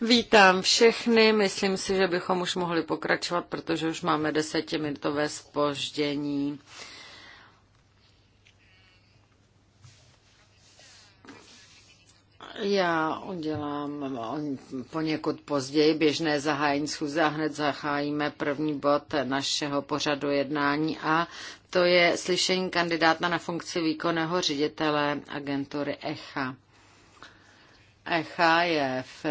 Vítám všechny, myslím si, že bychom už mohli pokračovat, protože už máme desetiminutové spoždění. Já udělám poněkud později běžné zahájení schůze a hned zahájíme první bod našeho pořadu jednání a to je slyšení kandidáta na funkci výkonného ředitele agentury ECHA. ECHA je v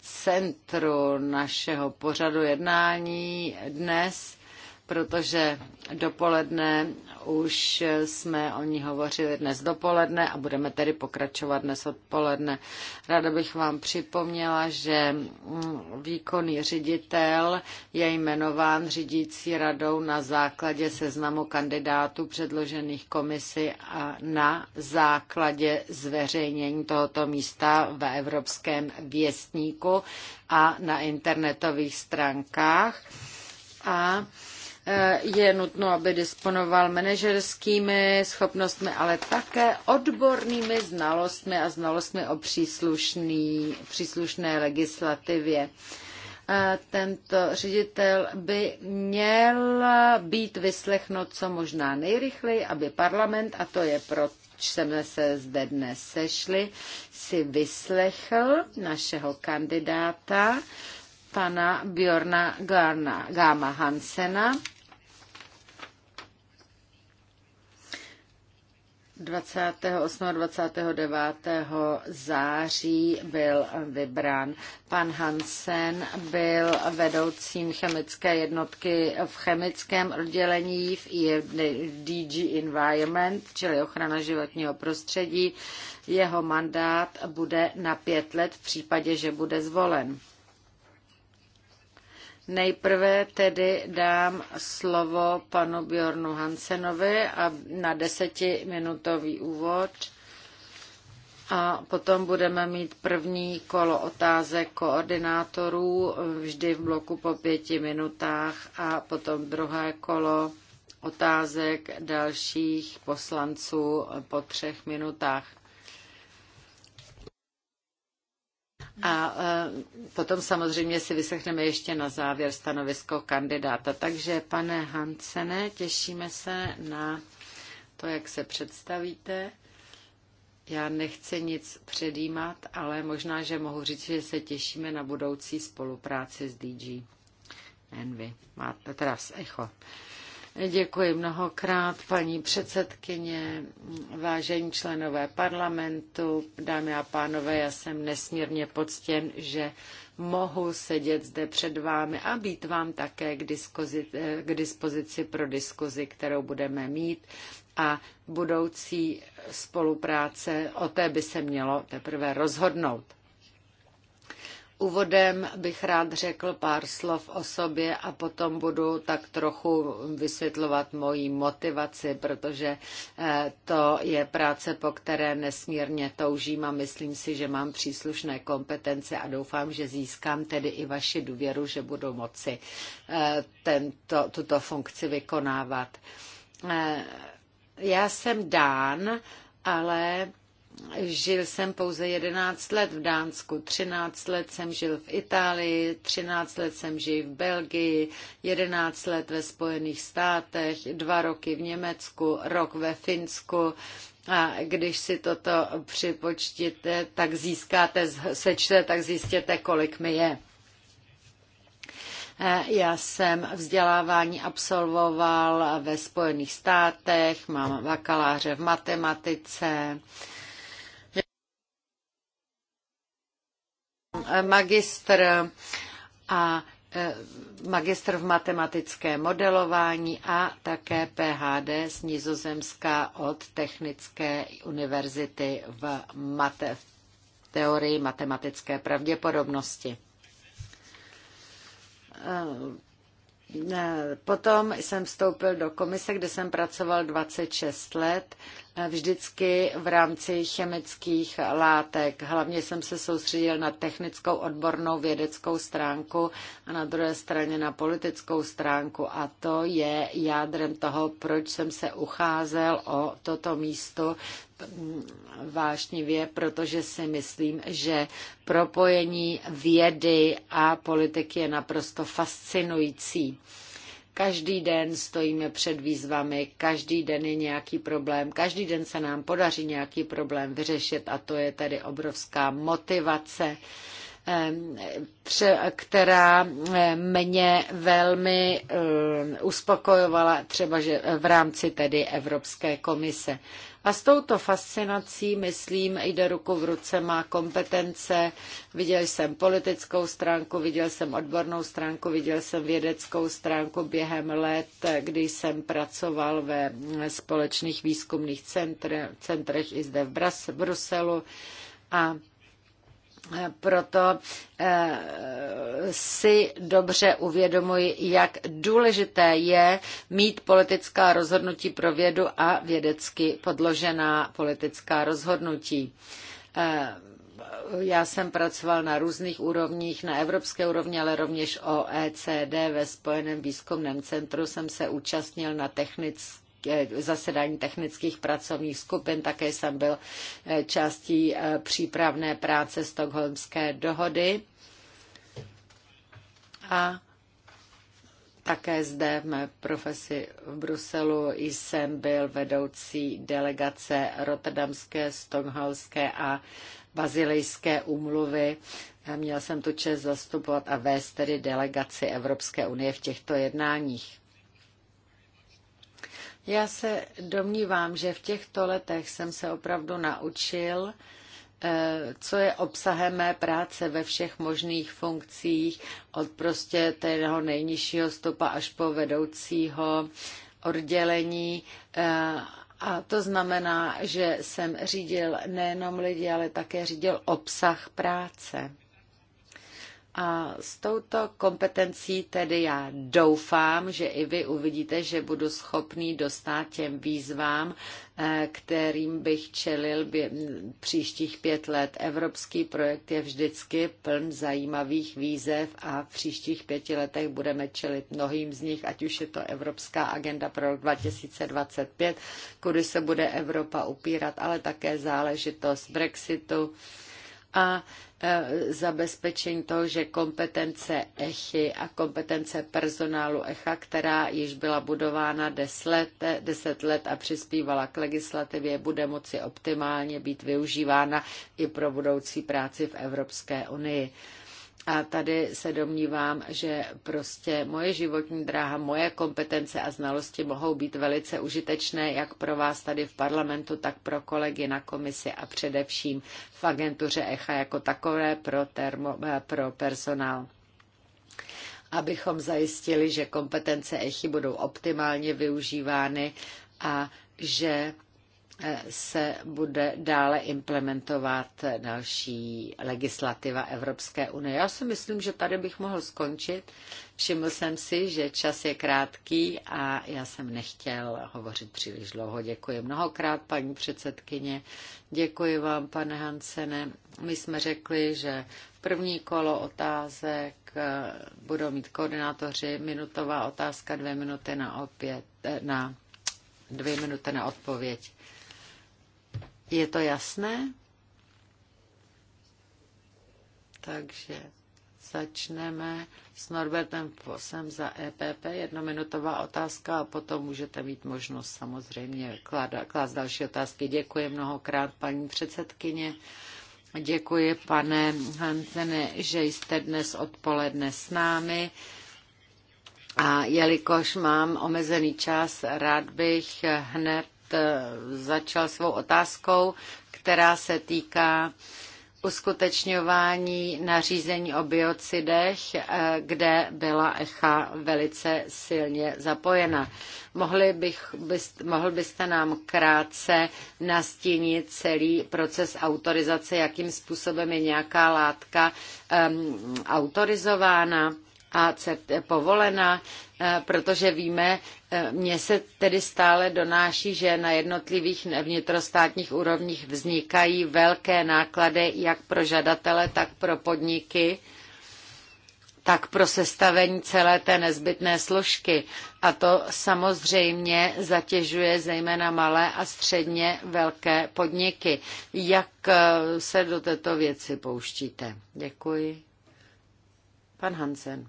centru našeho pořadu jednání dnes protože dopoledne už jsme o ní hovořili dnes dopoledne a budeme tedy pokračovat dnes odpoledne. Ráda bych vám připomněla, že mm, výkonný ředitel je jmenován řídící radou na základě seznamu kandidátů předložených komisi a na základě zveřejnění tohoto místa ve Evropském věstníku a na internetových stránkách. A Eh, je nutno, aby disponoval manažerskými schopnostmi, ale také odbornými znalostmi a znalostmi o příslušný, příslušné legislativě. Eh, tento ředitel by měl být vyslechnut co možná nejrychleji, aby parlament, a to je proč jsme se zde dnes sešli, si vyslechl našeho kandidáta, pana Bjorna Garna, Gama Hansena, 28. a 29. září byl vybrán. Pan Hansen byl vedoucím chemické jednotky v chemickém oddělení v DG Environment, čili ochrana životního prostředí. Jeho mandát bude na pět let v případě, že bude zvolen. Nejprve tedy dám slovo panu Bjornu Hansenovi a na desetiminutový úvod. A potom budeme mít první kolo otázek koordinátorů vždy v bloku po pěti minutách a potom druhé kolo otázek dalších poslanců po třech minutách. A e, potom samozřejmě si vyslechneme ještě na závěr stanovisko kandidáta. Takže, pane Hansene, těšíme se na to, jak se představíte. Já nechci nic předjímat, ale možná, že mohu říct, že se těšíme na budoucí spolupráci s DG. Envy, máte teda s Echo. Děkuji mnohokrát, paní předsedkyně, vážení členové parlamentu, dámy a pánové, já jsem nesmírně poctěn, že mohu sedět zde před vámi a být vám také k, k dispozici pro diskuzi, kterou budeme mít a budoucí spolupráce, o té by se mělo teprve rozhodnout. Úvodem bych rád řekl pár slov o sobě a potom budu tak trochu vysvětlovat moji motivaci, protože eh, to je práce, po které nesmírně toužím a myslím si, že mám příslušné kompetence a doufám, že získám tedy i vaši důvěru, že budu moci eh, tento, tuto funkci vykonávat. Eh, já jsem Dán, ale Žil jsem pouze 11 let v Dánsku, 13 let jsem žil v Itálii, 13 let jsem žil v Belgii, 11 let ve Spojených státech, dva roky v Německu, rok ve Finsku. A když si toto připočtíte, tak získáte, sečte, tak zjistěte, kolik mi je. E, já jsem vzdělávání absolvoval ve Spojených státech, mám bakaláře v matematice, Eh, magistr a eh, magistr v matematické modelování a také PhD z Nizozemska od Technické univerzity v, mate, v teorii matematické pravděpodobnosti eh, Eh, potom jsem vstoupil do komise, kde jsem pracoval 26 let, eh, vždycky v rámci chemických látek. Hlavně jsem se soustředil na technickou odbornou vědeckou stránku a na druhé straně na politickou stránku. A to je jádrem toho, proč jsem se ucházel o toto místo vášnivě, protože si myslím, že propojení vědy a politiky je naprosto fascinující. Každý den stojíme před výzvami, každý den je nějaký problém, každý den se nám podaří nějaký problém vyřešit a to je tedy obrovská motivace která mě velmi uspokojovala třeba že v rámci tedy Evropské komise. A s touto fascinací, myslím, jde ruku v ruce má kompetence. Viděl jsem politickou stránku, viděl jsem odbornou stránku, viděl jsem vědeckou stránku během let, kdy jsem pracoval ve společných výzkumných centrech, centrech i zde v Bruselu. A proto eh, si dobře uvědomuji, jak důležité je mít politická rozhodnutí pro vědu a vědecky podložená politická rozhodnutí eh, já jsem pracoval na různých úrovních, na evropské úrovni, ale rovněž OECD ve Spojeném výzkumném centru jsem se účastnil na technické Eh, zasedání technických pracovních skupin, také jsem byl eh, částí eh, přípravné práce Stockholmské dohody. A také zde v mé profesi v Bruselu jsem byl vedoucí delegace Rotterdamské, Stockholmské a Bazilejské úmluvy. Měl jsem tu čest zastupovat a vést tedy delegaci Evropské unie v těchto jednáních. Já se domnívám, že v těchto letech jsem se opravdu naučil, eh, co je obsahem mé práce ve všech možných funkcích, od prostě tého nejnižšího stopa až po vedoucího oddělení. Eh, a to znamená, že jsem řídil nejenom lidi, ale také řídil obsah práce. A s touto kompetencí tedy já doufám, že i vy uvidíte, že budu schopný dostat těm výzvám, eh, kterým bych čelil příštích pět let. Evropský projekt je vždycky pln zajímavých výzev a v příštích pěti letech budeme čelit mnohým z nich, ať už je to Evropská agenda pro rok 2025, kudy se bude Evropa upírat, ale také záležitost Brexitu a e, zabezpečení toho, že kompetence ECHY a kompetence personálu ECHA, která již byla budována 10 let, a přispívala k legislativě, bude moci optimálně být využívána i pro budoucí práci v Evropské unii. A tady se domnívám, že prostě moje životní dráha, moje kompetence a znalosti mohou být velice užitečné jak pro vás tady v parlamentu, tak pro kolegy na komisi a především v agentuře ECHA jako takové pro, termo, eh, pro personál abychom zajistili, že kompetence ECHI budou optimálně využívány a že se bude dále implementovat další legislativa Evropské unie. Já si myslím, že tady bych mohl skončit. Všiml jsem si, že čas je krátký a já jsem nechtěl hovořit příliš dlouho. Děkuji mnohokrát, paní předsedkyně. Děkuji vám, pane Hansene. My jsme řekli, že první kolo otázek eh, budou mít koordinátoři. Minutová otázka, dvě minuty na, opět, eh, na dvě minuty na odpověď. Je to jasné? Takže začneme s Norbertem Posem za EPP. Jednominutová otázka a potom můžete mít možnost samozřejmě klást další otázky. Děkuji mnohokrát, paní předsedkyně. Děkuji, pane Hansene, že jste dnes odpoledne s námi. A jelikož mám omezený čas, rád bych hned Eh, začal svou otázkou, která se týká uskutečňování nařízení o biocidech, eh, kde byla ECHA velice silně zapojena. Mohli bych, byst, mohl byste nám krátce nastínit celý proces autorizace, jakým způsobem je nějaká látka um, autorizována? a povolena, e, protože víme, e, mně se tedy stále donáší, že na jednotlivých vnitrostátních úrovních vznikají velké náklady jak pro žadatele, tak pro podniky tak pro sestavení celé té nezbytné složky. A to samozřejmě zatěžuje zejména malé a středně velké podniky. Jak e, se do této věci pouštíte? Děkuji. Pan Hansen.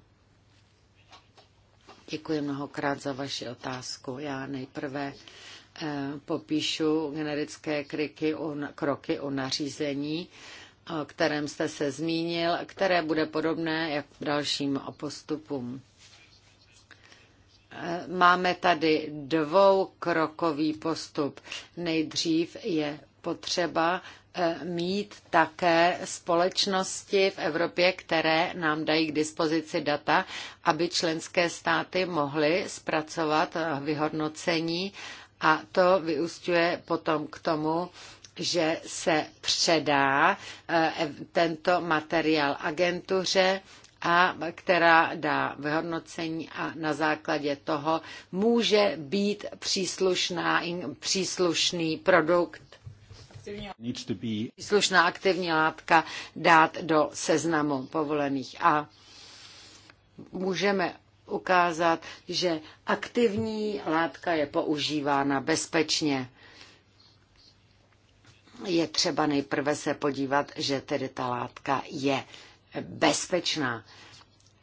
Děkuji mnohokrát za vaši otázku. Já nejprve eh, popíšu generické kriky o, kroky o nařízení, o kterém jste se zmínil, které bude podobné jak dalším postupům. Eh, máme tady dvoukrokový postup. Nejdřív je potřeba E, mít také společnosti v Evropě, které nám dají k dispozici data, aby členské státy mohly zpracovat e, vyhodnocení a to vyústňuje potom k tomu, že se předá e, tento materiál agentuře, a která dá vyhodnocení a na základě toho může být příslušná, příslušný produkt příslušná aktivní látka dát do seznamu povolených. A můžeme ukázat, že aktivní látka je používána bezpečně. Je třeba nejprve se podívat, že tedy ta látka je bezpečná.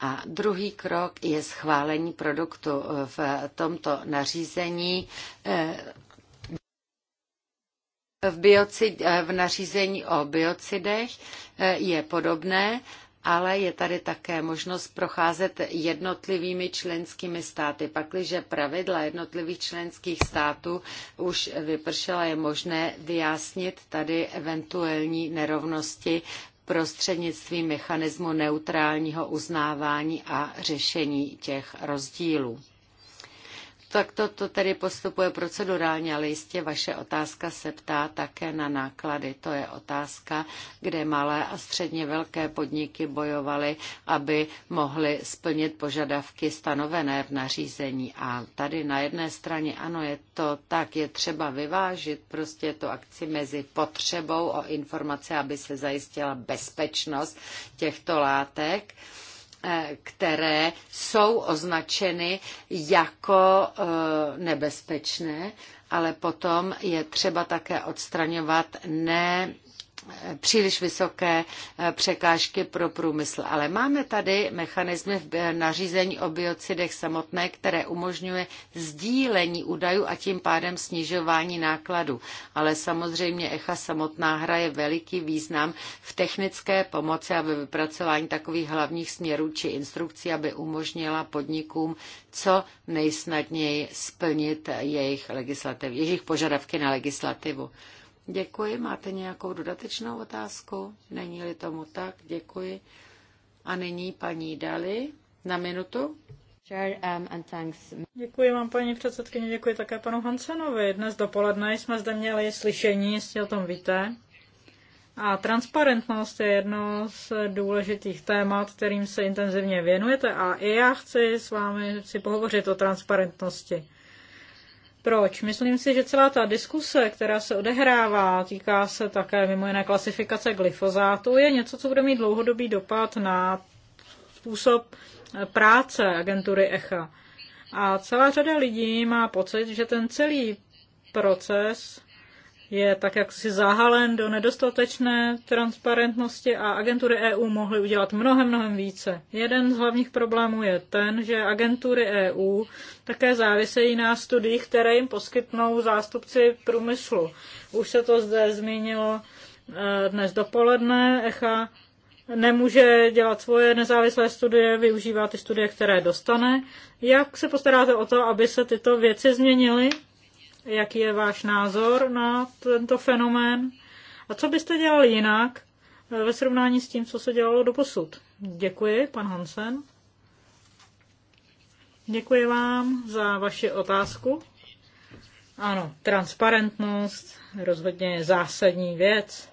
A druhý krok je schválení produktu. V tomto nařízení eh, v, biocid, eh, v nařízení o biocidech eh, je podobné, ale je tady také možnost procházet jednotlivými členskými státy. Pakliže pravidla jednotlivých členských států už vypršela, je možné vyjasnit tady eventuální nerovnosti prostřednictvím mechanismu neutrálního uznávání a řešení těch rozdílů. Tak to, to tedy postupuje procedurálně, ale jistě vaše otázka se ptá také na náklady. To je otázka, kde malé a středně velké podniky bojovaly, aby mohly splnit požadavky stanovené v nařízení. A tady na jedné straně, ano, je to tak, je třeba vyvážit prostě tu akci mezi potřebou o informace, aby se zajistila bezpečnost těchto látek, Eh, které jsou označeny jako eh, nebezpečné, ale potom je třeba také odstraňovat ne příliš vysoké eh, překážky pro průmysl. Ale máme tady mechanizmy v eh, nařízení o biocidech samotné, které umožňuje sdílení údajů a tím pádem snižování nákladů. Ale samozřejmě ECHA samotná hraje veliký význam v technické pomoci a ve vypracování takových hlavních směrů či instrukcí, aby umožnila podnikům co nejsnadněji splnit jejich, jejich požadavky na legislativu. Děkuji. Máte nějakou dodatečnou otázku? Není-li tomu tak, děkuji. A nyní paní Dali na minutu. Um, děkuji vám, paní předsedkyně, děkuji také panu Hansenovi. Dnes dopoledne jsme zde měli slyšení, jestli o tom víte. A transparentnost je jedno z důležitých témat, kterým se intenzivně věnujete a i já chci s vámi si pohovořit o transparentnosti. Proč? Myslím si, že celá ta diskuse, která se odehrává, týká se také mimo jiné klasifikace glyfozátu, je něco, co bude mít dlouhodobý dopad na způsob eh, práce agentury ECHA. A celá řada lidí má pocit, že ten celý proces je tak jaksi zahalen do nedostatečné transparentnosti a agentury EU mohly udělat mnohem, mnohem více. Jeden z hlavních problémů je ten, že agentury EU také závisejí na studiích, které jim poskytnou zástupci průmyslu. Už se to zde zmínilo eh, dnes dopoledne. ECHA nemůže dělat svoje nezávislé studie, využívá ty studie, které dostane. Jak se postaráte o to, aby se tyto věci změnily? jaký je váš názor na tento fenomén a co byste dělal jinak eh, ve srovnání s tím, co se dělalo do posud. Děkuji, pan Hansen. Děkuji vám za vaši otázku. Ano, transparentnost rozhodně je zásadní věc,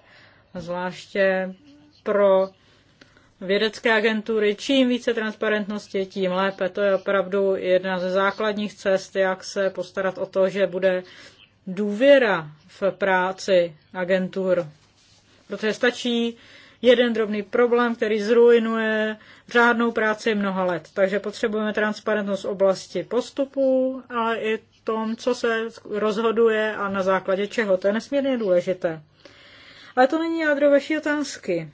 zvláště pro vědecké agentury. Čím více transparentnosti, tím lépe. To je opravdu jedna ze základních cest, jak se postarat o to, že bude důvěra v práci agentur. Protože stačí jeden drobný problém, který zrujnuje řádnou práci mnoha let. Takže potřebujeme transparentnost v oblasti postupů, ale i tom, co se rozhoduje a na základě čeho. To je nesmírně důležité. Ale to není jádro vaší otázky.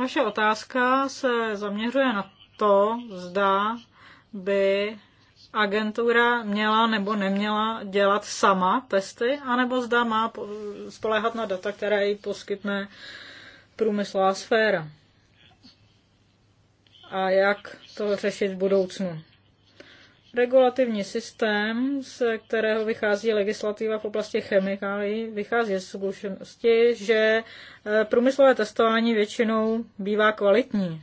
Naše otázka se zaměřuje na to, zda by agentura měla nebo neměla dělat sama testy, anebo zda má spolehat na data, které jí poskytne průmyslová sféra. A jak to řešit v budoucnu regulativní systém, z kterého vychází legislativa v oblasti chemikálií, vychází z zkušenosti, že eh, průmyslové testování většinou bývá kvalitní.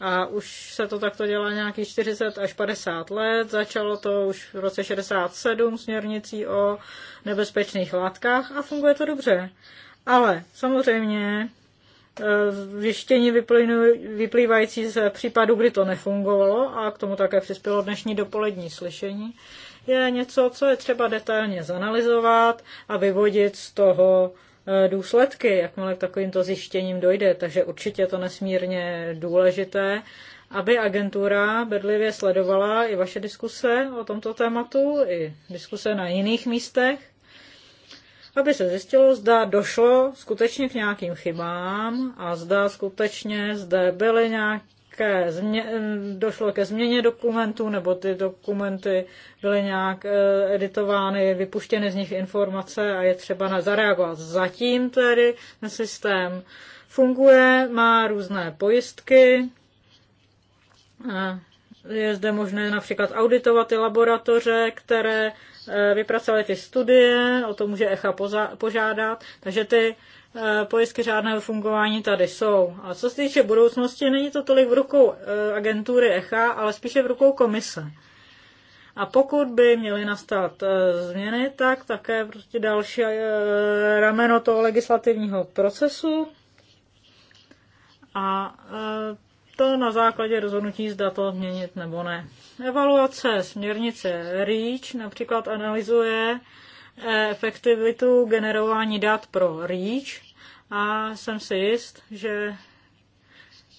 A už se to takto dělá nějakých 40 až 50 let. Začalo to už v roce 67 směrnicí o nebezpečných látkách a funguje to dobře. Ale samozřejmě Eh, zjištění vyplývající z případu, kdy to nefungovalo a k tomu také přispělo dnešní dopolední slyšení, je něco, co je třeba detailně zanalizovat a vyvodit z toho eh, důsledky, jakmile k takovýmto zjištěním dojde. Takže určitě je to nesmírně důležité, aby agentura bedlivě sledovala i vaše diskuse o tomto tématu, i diskuse na jiných místech aby se zjistilo, zda došlo skutečně k nějakým chybám a zda skutečně zde byly nějaké změ- došlo ke změně dokumentů, nebo ty dokumenty byly nějak eh, editovány, vypuštěny z nich informace a je třeba na zareagovat. Zatím tedy ten systém funguje, má různé pojistky, eh, je zde možné například auditovat ty laboratoře, které Eh, vypracovali ty studie, o to může ECHA požádat, takže ty eh, pojistky řádného fungování tady jsou. A co se týče budoucnosti, není to tolik v rukou eh, agentury ECHA, ale spíše v rukou komise. A pokud by měly nastat změny, tak také prostě další rameno toho legislativního procesu. A to na základě rozhodnutí, zda to měnit nebo ne. Evaluace směrnice REACH například analyzuje eh, efektivitu generování dat pro REACH a jsem si jist, že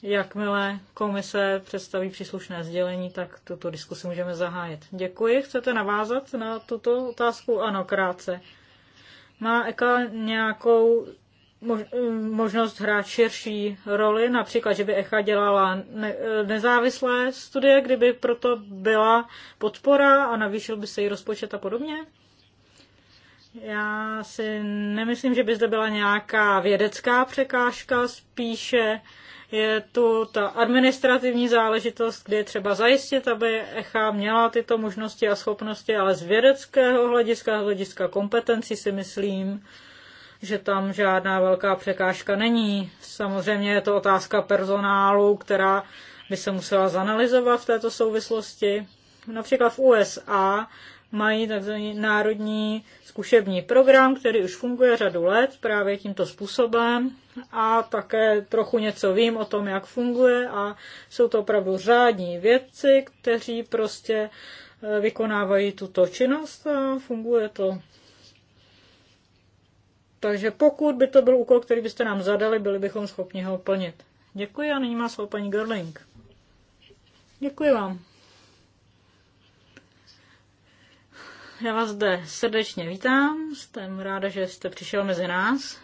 jakmile komise představí příslušné sdělení, tak tuto diskusi můžeme zahájit. Děkuji. Chcete navázat na tuto otázku? Ano, krátce. Má EKA nějakou možnost hrát širší roli, například, že by ECHA dělala nezávislé studie, kdyby proto byla podpora a navýšil by se jí rozpočet a podobně? Já si nemyslím, že by zde byla nějaká vědecká překážka, spíše je tu ta administrativní záležitost, kde je třeba zajistit, aby ECHA měla tyto možnosti a schopnosti, ale z vědeckého hlediska, hlediska kompetenci si myslím, že tam žádná velká překážka není. Samozřejmě je to otázka personálu, která by se musela zanalizovat v této souvislosti. Například v USA mají takzvaný národní zkušební program, který už funguje řadu let právě tímto způsobem a také trochu něco vím o tom, jak funguje a jsou to opravdu řádní vědci, kteří prostě eh, vykonávají tuto činnost a funguje to takže pokud by to byl úkol, který byste nám zadali, byli bychom schopni ho plnit. Děkuji a nyní má slovo paní Gerling. Děkuji vám. Já vás zde srdečně vítám, jsem ráda, že jste přišel mezi nás.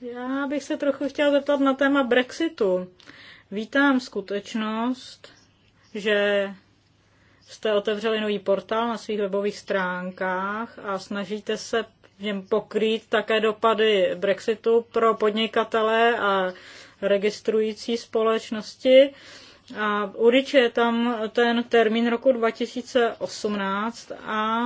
Já bych se trochu chtěla zeptat na téma Brexitu. Vítám skutečnost, že jste otevřeli nový portál na svých webových stránkách a snažíte se něm pokrýt také dopady Brexitu pro podnikatele a registrující společnosti. A určitě je tam ten termín roku 2018 a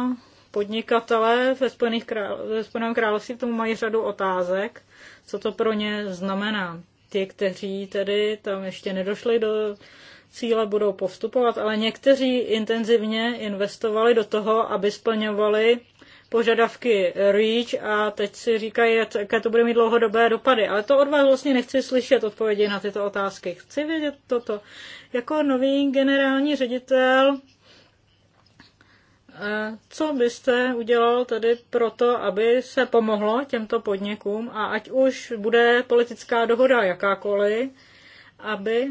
podnikatele ve, Spojených ve Spojeném království tomu mají řadu otázek, co to pro ně znamená. Ti, kteří tedy tam ještě nedošli do cíle, budou postupovat, ale někteří intenzivně investovali do toho, aby splňovali požadavky REACH a teď si říkají, jaké to bude mít dlouhodobé dopady. Ale to od vás vlastně nechci slyšet odpovědi na tyto otázky. Chci vědět toto. Jako nový generální ředitel eh, co byste udělal tedy to, aby se pomohlo těmto podnikům a ať už bude politická dohoda jakákoliv, aby,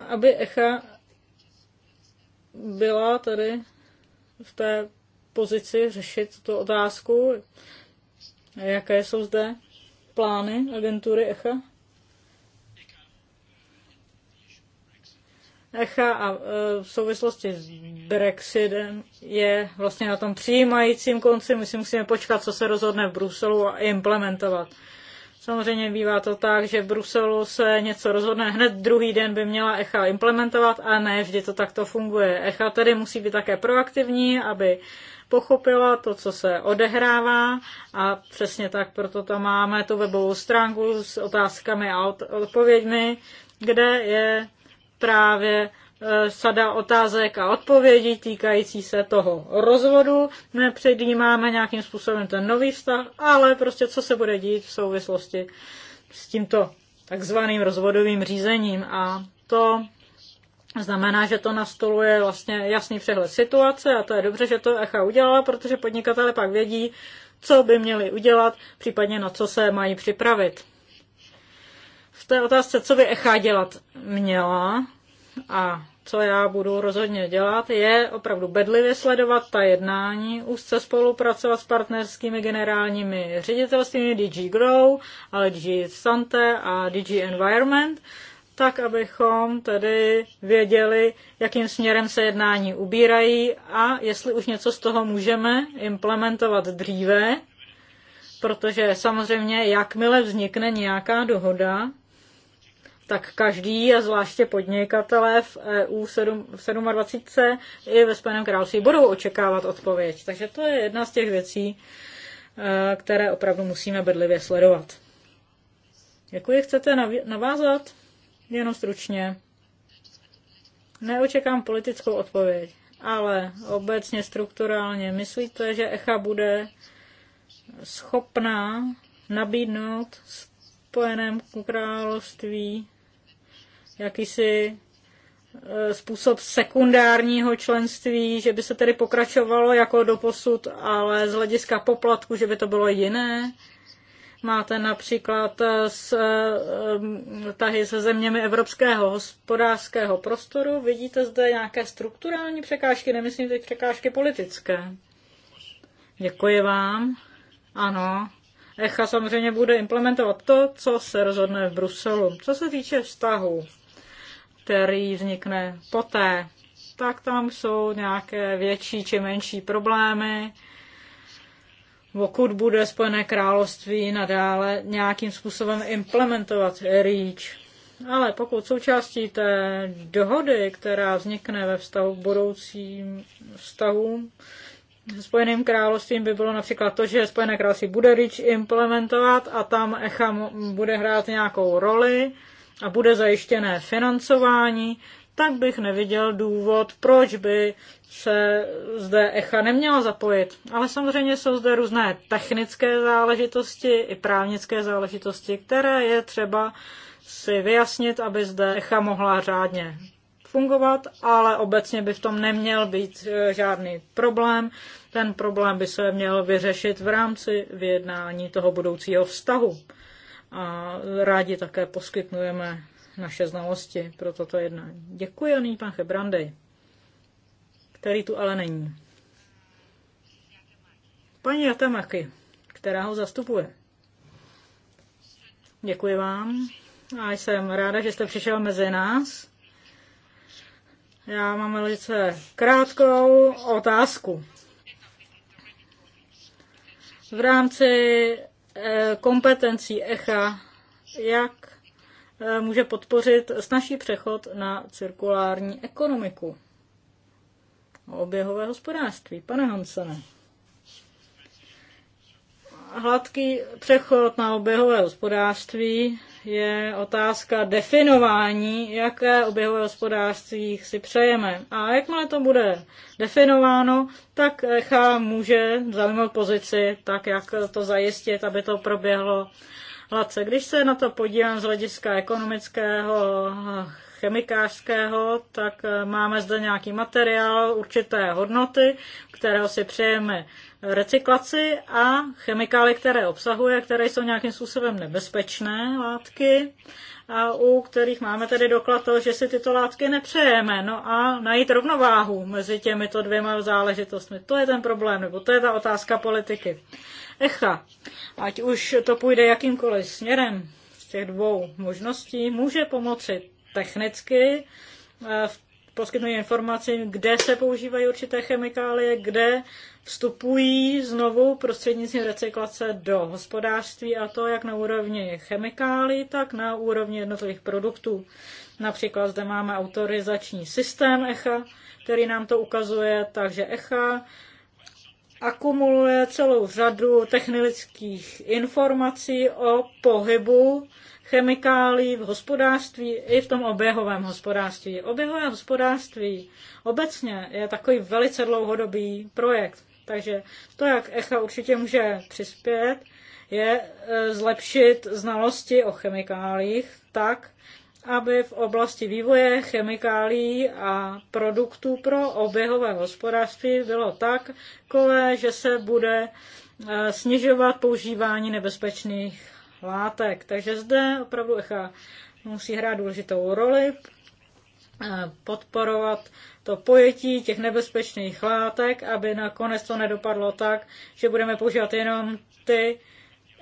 aby ECHA byla tady v té pozici řešit tuto otázku? Jaké jsou zde plány agentury ECHA? ECHA a e, v souvislosti s Brexitem je vlastně na tom přijímajícím konci. My si musíme počkat, co se rozhodne v Bruselu a implementovat. Samozřejmě bývá to tak, že v Bruselu se něco rozhodne, hned druhý den by měla ECHA implementovat a ne vždy to takto funguje. ECHA tedy musí být také proaktivní, aby pochopila to, co se odehrává a přesně tak proto tam máme tu webovou stránku s otázkami a odpověďmi, kde je právě Eh, sada otázek a odpovědí týkající se toho rozvodu. Nepředjímáme nějakým způsobem ten nový vztah, ale prostě co se bude dít v souvislosti s tímto takzvaným rozvodovým řízením. A to znamená, že to nastoluje vlastně jasný přehled situace a to je dobře, že to ECHA udělala, protože podnikatele pak vědí, co by měli udělat, případně na co se mají připravit. V té otázce, co by ECHA dělat měla, a co já budu rozhodně dělat, je opravdu bedlivě sledovat ta jednání, úzce spolupracovat s partnerskými generálními ředitelstvími DG Grow, ale DG Sante a DG Environment, tak abychom tedy věděli, jakým směrem se jednání ubírají a jestli už něco z toho můžeme implementovat dříve, protože samozřejmě jakmile vznikne nějaká dohoda, tak každý a zvláště podnikatelé v EU 7, 27 i ve Spojeném království budou očekávat odpověď. Takže to je jedna z těch věcí, eh, které opravdu musíme bedlivě sledovat. Jakou je chcete navázat? Jenom stručně. Neočekám politickou odpověď, ale obecně strukturálně myslíte, že ECHA bude schopná nabídnout Spojeném království jakýsi eh, způsob sekundárního členství, že by se tedy pokračovalo jako doposud, ale z hlediska poplatku, že by to bylo jiné. Máte například eh, s, eh, tahy se zeměmi Evropského hospodářského prostoru. Vidíte zde nějaké strukturální překážky, nemyslím teď překážky politické. Děkuji vám. Ano. ECHA samozřejmě bude implementovat to, co se rozhodne v Bruselu. Co se týče vztahu který vznikne poté. Tak tam jsou nějaké větší či menší problémy. Pokud bude Spojené království nadále nějakým způsobem implementovat REACH, ale pokud součástí té dohody, která vznikne ve vztahu k budoucím vztahům se Spojeným královstvím, by bylo například to, že Spojené království bude REACH implementovat a tam ECHA bude hrát nějakou roli a bude zajištěné financování, tak bych neviděl důvod, proč by se zde ECHA neměla zapojit. Ale samozřejmě jsou zde různé technické záležitosti i právnické záležitosti, které je třeba si vyjasnit, aby zde ECHA mohla řádně fungovat, ale obecně by v tom neměl být eh, žádný problém. Ten problém by se měl vyřešit v rámci vyjednání toho budoucího vztahu a rádi také poskytnujeme naše znalosti pro toto jednání. Děkuji a pan Hebrandy, který tu ale není. Paní Jatamaky, která ho zastupuje. Děkuji vám a jsem ráda, že jste přišel mezi nás. Já mám velice krátkou otázku. V rámci Eh, kompetencí ECHA, jak eh, může podpořit snažší přechod na cirkulární ekonomiku. Oběhové hospodářství, pane Hansene. Hladký přechod na oběhové hospodářství je otázka definování, jaké oběhové hospodářství si přejeme. A jakmile to bude definováno, tak ECHA může zaujmout pozici, tak jak to zajistit, aby to proběhlo hladce. Když se na to podívám z hlediska ekonomického chemikářského, tak eh, máme zde nějaký materiál, určité hodnoty, kterého si přejeme recyklaci a chemikály, které obsahuje, které jsou nějakým způsobem nebezpečné látky a u kterých máme tedy doklad toho, že si tyto látky nepřejeme. No a najít rovnováhu mezi těmito dvěma záležitostmi. To je ten problém, nebo to je ta otázka politiky. Echa, ať už to půjde jakýmkoliv směrem z těch dvou možností, může pomoci technicky, eh, poskytují informaci, kde se používají určité chemikálie, kde vstupují znovu prostřednictvím recyklace do hospodářství a to jak na úrovni chemikálí, tak na úrovni jednotlivých produktů. Například zde máme autorizační systém ECHA, který nám to ukazuje, takže ECHA akumuluje celou řadu technických informací o pohybu chemikálí, v hospodářství i v tom oběhovém hospodářství. Oběhové hospodářství obecně je takový velice dlouhodobý projekt, takže to, jak ECHA určitě může přispět, je e, zlepšit znalosti o chemikáliích tak, aby v oblasti vývoje chemikálií a produktů pro oběhové hospodářství bylo tak, kole, že se bude e, snižovat používání nebezpečných látek. Takže zde opravdu ECHA musí hrát důležitou roli, eh, podporovat to pojetí těch nebezpečných látek, aby nakonec to nedopadlo tak, že budeme používat jenom ty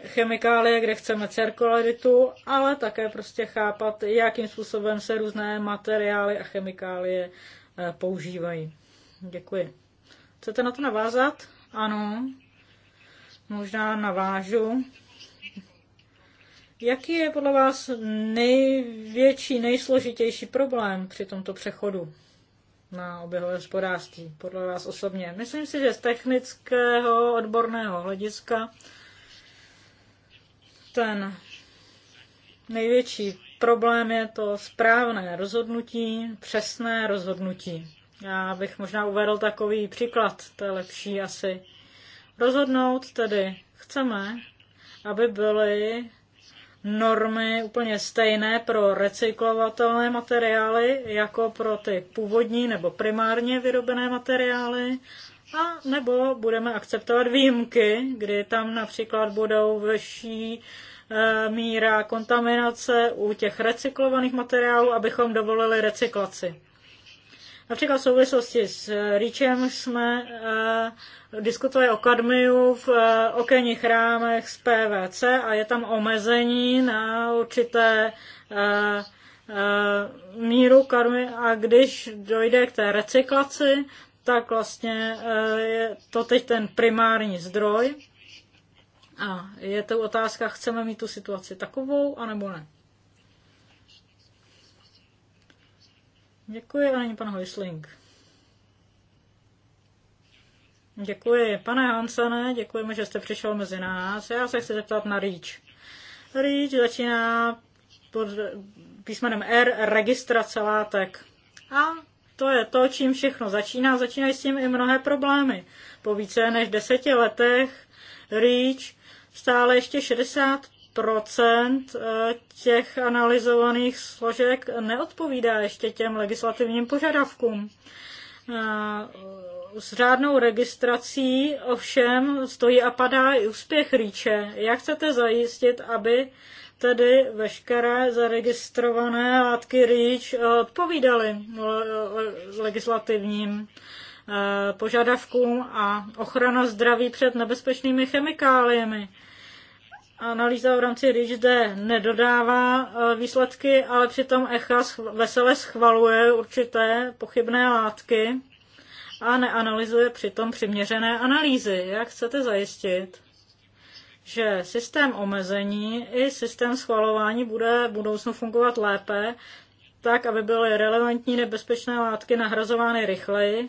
chemikálie, kde chceme cirkularitu, ale také prostě chápat, jakým způsobem se různé materiály a chemikálie eh, používají. Děkuji. Chcete na to navázat? Ano, možná navážu. Jaký je podle vás největší, nejsložitější problém při tomto přechodu na oběhové hospodářství, podle vás osobně? Myslím si, že z technického, odborného hlediska ten největší problém je to správné rozhodnutí, přesné rozhodnutí. Já bych možná uvedl takový příklad, to je lepší asi. Rozhodnout tedy chceme, aby byly normy úplně stejné pro recyklovatelné materiály jako pro ty původní nebo primárně vyrobené materiály a nebo budeme akceptovat výjimky, kdy tam například budou vyšší eh, míra kontaminace u těch recyklovaných materiálů, abychom dovolili recyklaci. Například v souvislosti s eh, Richem jsme uh, diskutovali o kadmiu v uh, okenních rámech z PVC a je tam omezení na určité uh, uh, míru kadmy a když dojde k té recyklaci, tak vlastně uh, je to teď ten primární zdroj. A je to otázka, chceme mít tu situaci takovou, anebo ne. Děkuji, paní pan Hojsling. Děkuji, pane Hansene, děkujeme, že jste přišel mezi nás. Já se chci zeptat na REACH. REACH začíná pod písmenem R, registrace látek. A to je to, čím všechno začíná. Začínají s tím i mnohé problémy. Po více než deseti letech REACH stále ještě Eh, těch analyzovaných složek neodpovídá ještě těm legislativním požadavkům. Eh, s řádnou registrací ovšem stojí a padá i úspěch rýče. Jak chcete zajistit, aby tedy veškeré zaregistrované látky REACH odpovídaly eh, legislativním požadavkům a ochrana zdraví před nebezpečnými chemikáliemi analýza v rámci RIČ zde nedodává e, výsledky, ale přitom ECHA vesele schvaluje určité pochybné látky a neanalyzuje přitom přiměřené analýzy. Jak chcete zajistit, že systém omezení i systém schvalování bude v budoucnu fungovat lépe, tak, aby byly relevantní nebezpečné látky nahrazovány rychleji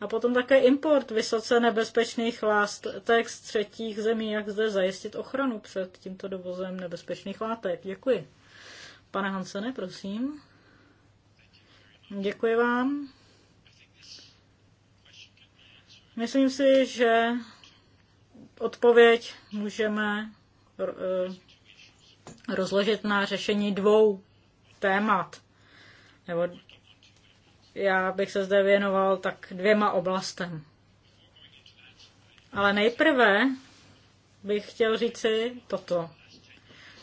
a potom také import vysoce nebezpečných látek z třetích zemí, jak zde zajistit ochranu před tímto dovozem nebezpečných látek. Děkuji. Pane Hansene, prosím. Děkuji vám. Myslím si, že odpověď můžeme eh, rozložit na řešení dvou témat nebo já bych se zde věnoval tak dvěma oblastem. Ale nejprve bych chtěl říci toto.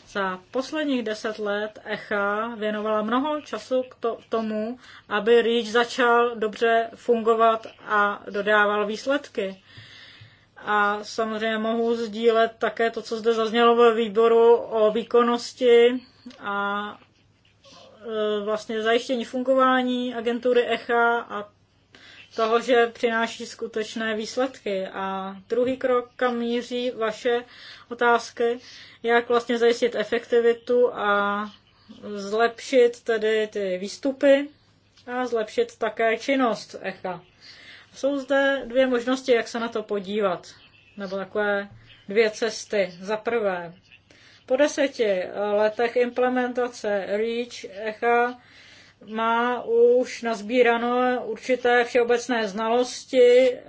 Za posledních deset let ECHA věnovala mnoho času k to, tomu, aby REACH začal dobře fungovat a dodával výsledky. A samozřejmě mohu sdílet také to, co zde zaznělo ve výboru o výkonnosti a Eh, vlastně zajištění fungování agentury ECHA a toho, že přináší skutečné výsledky. A druhý krok, kam míří vaše otázky, jak vlastně zajistit efektivitu a zlepšit tedy ty výstupy a zlepšit také činnost echa. Jsou zde dvě možnosti, jak se na to podívat, nebo takové dvě cesty. Za prvé, po deseti letech implementace REACH ECHA má už nazbírano určité všeobecné znalosti eh,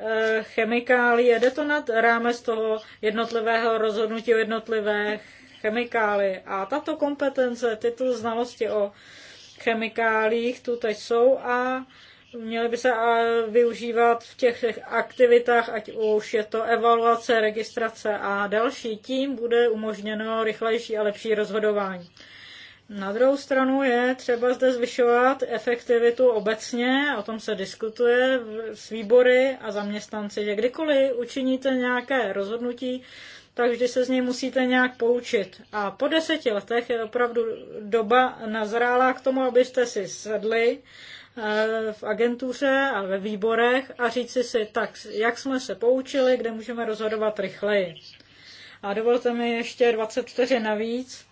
chemikálí. Jde to nad rámec toho jednotlivého rozhodnutí o jednotlivé chemikály. A tato kompetence, tyto znalosti o chemikáliích tu teď jsou a měly by se využívat v těch aktivitách, ať už je to evaluace, registrace a další. Tím bude umožněno rychlejší a lepší rozhodování. Na druhou stranu je třeba zde zvyšovat efektivitu obecně, o tom se diskutuje s výbory a zaměstnanci, že kdykoliv učiníte nějaké rozhodnutí, tak vždy se z něj musíte nějak poučit. A po deseti letech je opravdu doba nazrála k tomu, abyste si sedli v agentuře a ve výborech a říci si, tak jak jsme se poučili, kde můžeme rozhodovat rychleji. A dovolte mi ještě 24 navíc.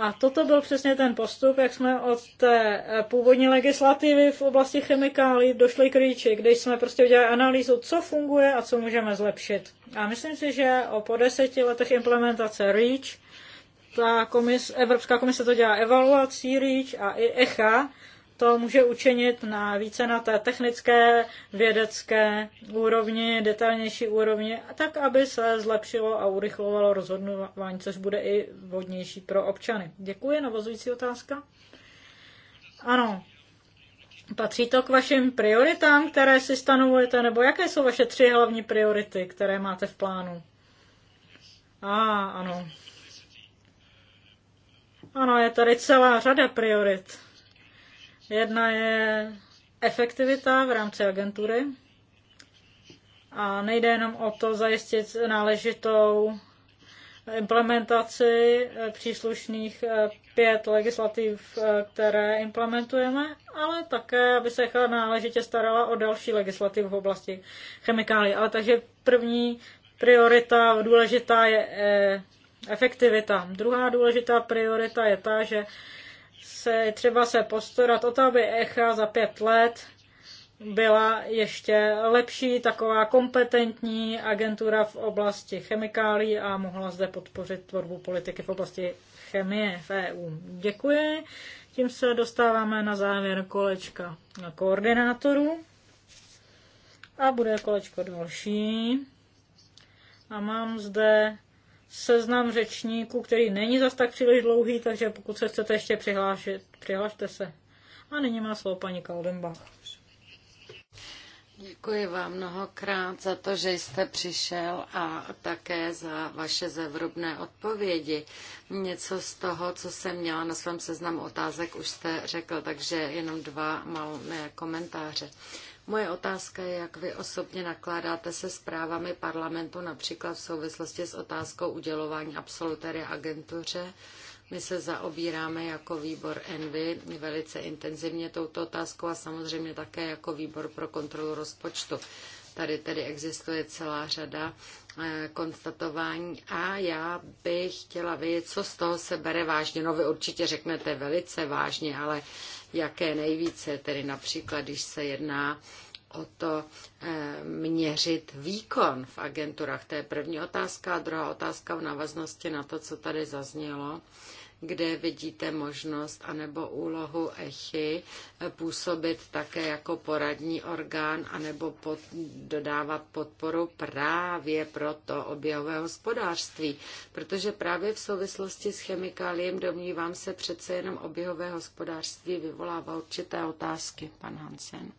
A toto byl přesně ten postup, jak jsme od té eh, původní legislativy v oblasti chemikálí došli k rýči, kde jsme prostě udělali analýzu, co funguje a co můžeme zlepšit. A myslím si, že o po deseti letech implementace REACH, ta komis, Evropská komise to dělá evaluací REACH a i ECHA, to může učinit na více na té technické, vědecké úrovni, detailnější úrovni, a tak, aby se zlepšilo a urychlovalo rozhodování, což bude i vhodnější pro občany. Děkuji, navazující otázka. Ano. Patří to k vašim prioritám, které si stanovujete, nebo jaké jsou vaše tři hlavní priority, které máte v plánu? A, ah, ano. Ano, je tady celá řada priorit. Jedna je efektivita v rámci agentury a nejde jenom o to zajistit náležitou implementaci eh, příslušných eh, pět legislativ, eh, které implementujeme, ale také, aby se náležitě starala o další legislativu v oblasti chemikálií. Ale takže první priorita důležitá je efektivita. Druhá důležitá priorita je ta, že se třeba se postarat o to, aby ECHA za pět let byla ještě lepší, taková kompetentní agentura v oblasti chemikálí a mohla zde podpořit tvorbu politiky v oblasti chemie v EU. Děkuji. Tím se dostáváme na závěr kolečka na koordinátoru. A bude kolečko další. A mám zde seznam řečníků, který není zas tak příliš dlouhý, takže pokud se chcete ještě přihlášit, přihlašte se. A nyní má slovo paní Kaldenbach. Děkuji vám mnohokrát za to, že jste přišel a také za vaše zevrubné odpovědi. Něco z toho, co jsem měla na svém seznamu otázek, už jste řekl, takže jenom dva malé komentáře. Uh, Moje otázka je, jak vy osobně nakládáte se zprávami parlamentu, například v souvislosti s otázkou udělování absolutéria agentuře. My se zaobíráme jako výbor ENVY velice intenzivně touto otázkou a samozřejmě také jako výbor pro kontrolu rozpočtu. Tady tedy existuje celá řada eh, konstatování a já bych chtěla vědět, co z toho se bere vážně. No vy určitě řeknete velice vážně, ale jaké nejvíce, tedy například, když se jedná o to eh, měřit výkon v agenturách. To je první otázka. A druhá otázka v návaznosti na to, co tady zaznělo kde vidíte možnost anebo úlohu ECHY působit také jako poradní orgán anebo pod, dodávat podporu právě pro to oběhové hospodářství. Protože právě v souvislosti s chemikáliem domnívám se přece jenom oběhové hospodářství vyvolává určité otázky, pan Hansen.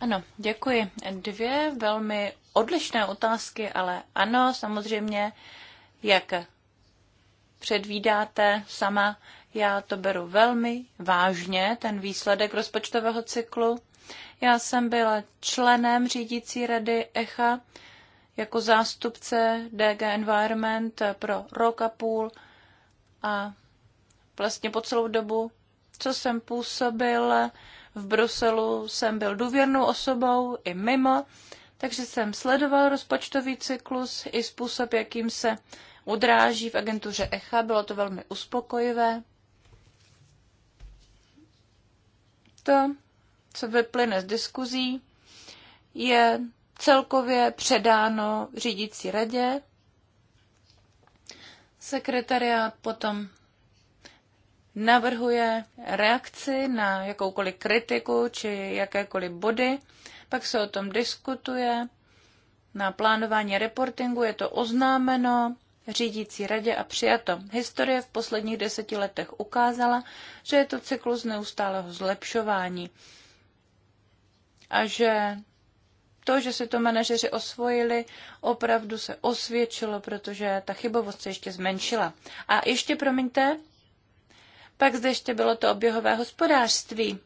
Ano, děkuji. Dvě velmi odlišné otázky, ale ano, samozřejmě, jak předvídáte sama, já to beru velmi vážně, ten výsledek rozpočtového cyklu. Já jsem byla členem řídící rady ECHA jako zástupce DG Environment pro rok a půl a vlastně po celou dobu, co jsem působil, v Bruselu jsem byl důvěrnou osobou i mimo, takže jsem sledoval rozpočtový cyklus i způsob, jakým se udráží v agentuře ECHA. Bylo to velmi uspokojivé. To, co vyplyne z diskuzí, je celkově předáno řídící radě. Sekretariát potom navrhuje reakci na jakoukoliv kritiku či jakékoliv body, pak se o tom diskutuje, na plánování reportingu je to oznámeno řídící radě a přijato. Historie v posledních deseti letech ukázala, že je to cyklus neustálého zlepšování a že to, že si to manažeři osvojili, opravdu se osvědčilo, protože ta chybovost se ještě zmenšila. A ještě, promiňte, pak zde ještě bylo to oběhové hospodářství.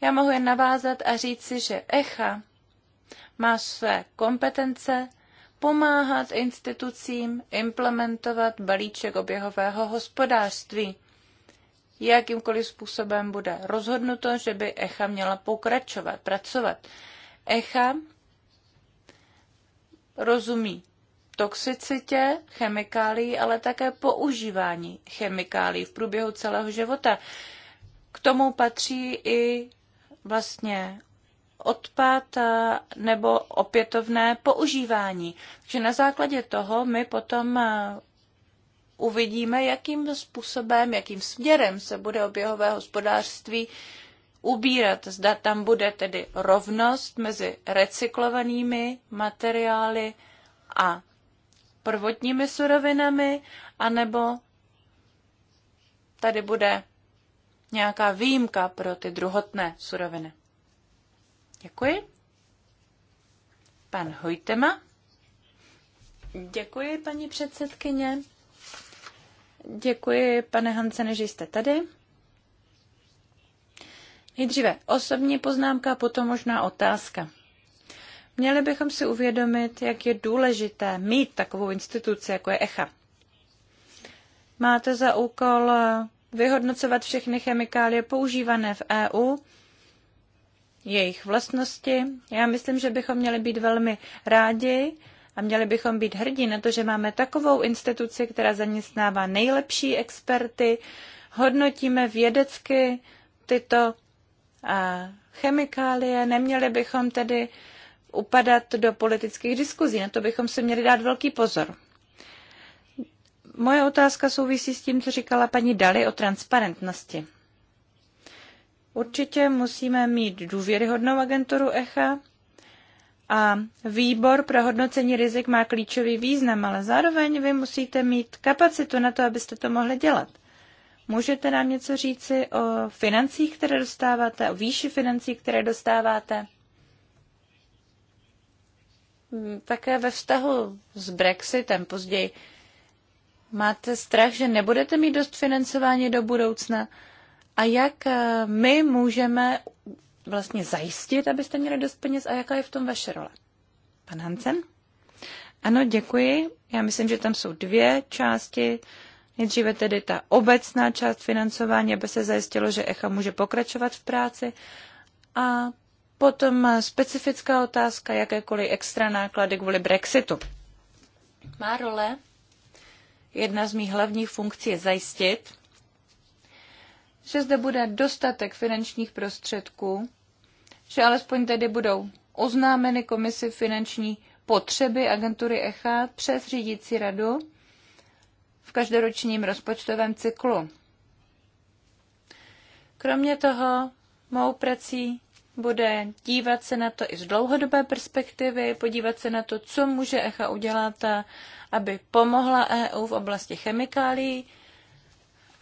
Já mohu jen navázat a říci, že ECHA má své kompetence pomáhat institucím implementovat balíček oběhového hospodářství. Jakýmkoliv způsobem bude rozhodnuto, že by ECHA měla pokračovat, pracovat. ECHA rozumí toxicitě chemikálií, ale také používání chemikálií v průběhu celého života. K tomu patří i vlastně odpad nebo opětovné používání. Takže na základě toho my potom eh, uvidíme, jakým způsobem, jakým směrem se bude oběhové hospodářství ubírat. Zda tam bude tedy rovnost mezi recyklovanými materiály a prvotními surovinami, anebo tady bude nějaká výjimka pro ty druhotné suroviny. Děkuji. Pan Hojtema. Děkuji, paní předsedkyně. Děkuji, pane Hansene, že jste tady. Nejdříve osobní poznámka, potom možná otázka. Měli bychom si uvědomit, jak je důležité mít takovou instituci, jako je ECHA. Máte za úkol vyhodnocovat všechny chemikálie používané v EU, jejich vlastnosti. Já myslím, že bychom měli být velmi rádi a měli bychom být hrdí na to, že máme takovou instituci, která zaměstnává nejlepší experty. Hodnotíme vědecky tyto chemikálie. Neměli bychom tedy uh, upadat do politických diskuzí. Na to bychom si měli dát velký pozor. Moje otázka souvisí s tím, co říkala paní Dali o transparentnosti. Určitě musíme mít důvěryhodnou agenturu ECHA a výbor pro hodnocení rizik má klíčový význam, ale zároveň vy musíte mít kapacitu na to, abyste to mohli dělat. Můžete nám něco říci o financích, které dostáváte, o výši financí, které dostáváte? Mm, také ve vztahu s Brexitem později. Máte strach, že nebudete mít dost financování do budoucna? A jak eh, my můžeme vlastně zajistit, abyste měli dost peněz a jaká je v tom vaše role? Pan Hansen? Ano, děkuji. Já myslím, že tam jsou dvě části. Nejdříve tedy ta obecná část financování, aby se zajistilo, že ECHA může pokračovat v práci. A Potom specifická otázka, jakékoliv extra náklady kvůli Brexitu. Má role, jedna z mých hlavních funkcí je zajistit, že zde bude dostatek finančních prostředků, že alespoň tedy budou oznámeny komisi finanční potřeby agentury ECHA přes řídící radu v každoročním rozpočtovém cyklu. Kromě toho mou prací bude dívat se na to i z dlouhodobé perspektivy, podívat se na to, co může ECHA udělat, aby pomohla EU v oblasti chemikálií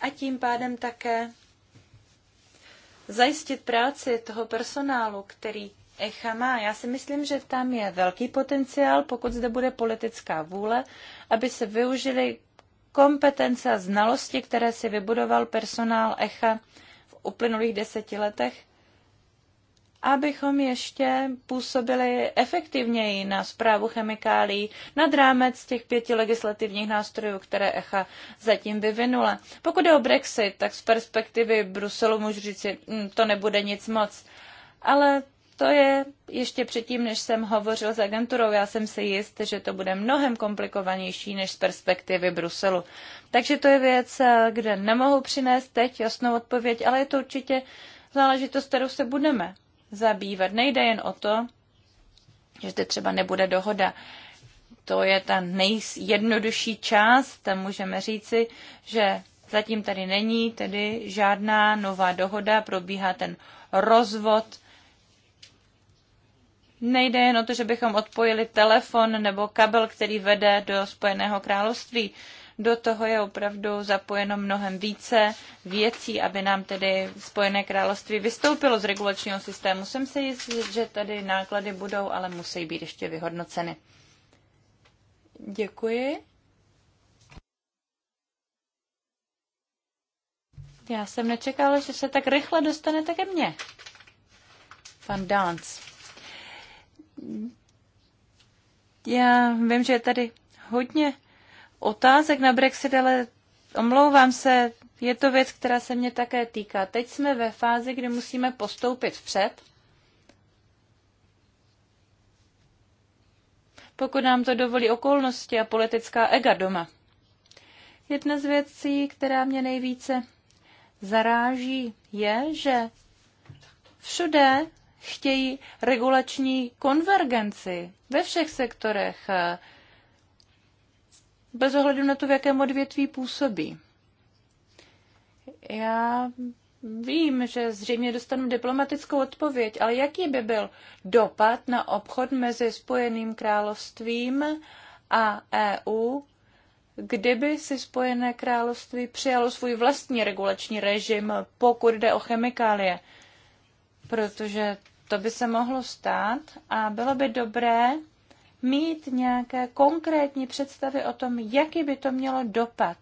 a tím pádem také zajistit práci toho personálu, který ECHA má. Já si myslím, že tam je velký potenciál, pokud zde bude politická vůle, aby se využili kompetence a znalosti, které si vybudoval personál ECHA v uplynulých deseti letech abychom ještě působili efektivněji na zprávu chemikálií nad rámec těch pěti legislativních nástrojů, které ECHA zatím vyvinula. Pokud je o Brexit, tak z perspektivy Bruselu můžu říct, mm, to nebude nic moc. Ale to je ještě předtím, než jsem hovořil s agenturou. Já jsem si jist, že to bude mnohem komplikovanější než z perspektivy Bruselu. Takže to je věc, kde nemohu přinést teď jasnou odpověď, ale je to určitě záležitost, kterou se budeme zabývat. Nejde jen o to, že zde třeba nebude dohoda. To je ta nejjednodušší část, tam můžeme říci, že zatím tady není tedy žádná nová dohoda, probíhá ten rozvod. Nejde jen o to, že bychom odpojili telefon nebo kabel, který vede do Spojeného království. Do toho je opravdu zapojeno mnohem více věcí, aby nám tedy Spojené království vystoupilo z regulačního systému. Jsem si jistý, že tady náklady budou, ale musí být ještě vyhodnoceny. Děkuji. Já jsem nečekala, že se tak rychle dostanete ke mně. Pan Dance. Já vím, že je tady hodně otázek na Brexit, ale omlouvám se, je to věc, která se mě také týká. Teď jsme ve fázi, kdy musíme postoupit vpřed. Pokud nám to dovolí okolnosti a politická ega doma. Jedna z věcí, která mě nejvíce zaráží, je, že všude chtějí regulační konvergenci ve všech sektorech bez ohledu na to, v jakém odvětví působí. Já vím, že zřejmě dostanu diplomatickou odpověď, ale jaký by byl dopad na obchod mezi Spojeným královstvím a EU, kdyby si Spojené království přijalo svůj vlastní regulační režim, pokud jde o chemikálie? Protože to by se mohlo stát a bylo by dobré mít nějaké konkrétní představy o tom, jaký by to mělo dopad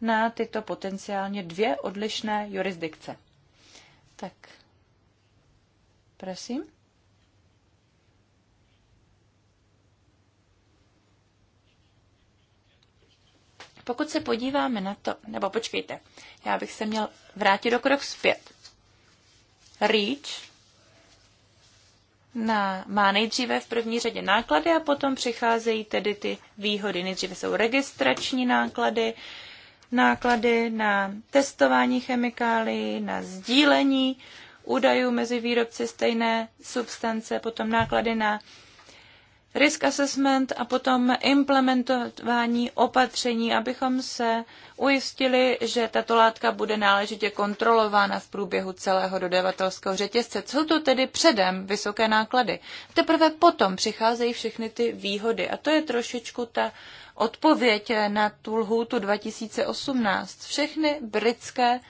na tyto potenciálně dvě odlišné jurisdikce. Tak, prosím. Pokud se podíváme na to, nebo počkejte, já bych se měl vrátit do krok zpět. REACH na, má nejdříve v první řadě náklady a potom přicházejí tedy ty výhody. Nejdříve jsou registrační náklady, náklady na testování chemikálií, na sdílení údajů mezi výrobci stejné substance, potom náklady na risk assessment a potom implementování opatření, abychom se ujistili, že tato látka bude náležitě kontrolována v průběhu celého dodavatelského řetězce. Jsou to tedy předem vysoké náklady. Teprve potom přicházejí všechny ty výhody a to je trošičku ta odpověď na tu lhůtu 2018. Všechny britské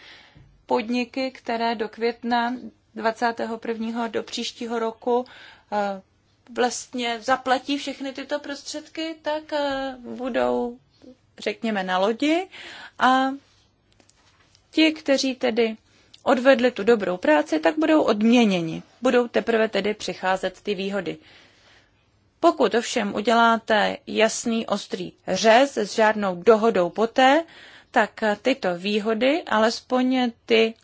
podniky, které do května 21. do příštího roku eh, vlastně zaplatí všechny tyto prostředky, tak eh, budou, řekněme, na lodi a ti, kteří tedy odvedli tu dobrou práci, tak budou odměněni. Budou teprve tedy přicházet ty výhody. Pokud ovšem uděláte jasný, ostrý řez s žádnou dohodou poté, tak eh, tyto výhody, alespoň ty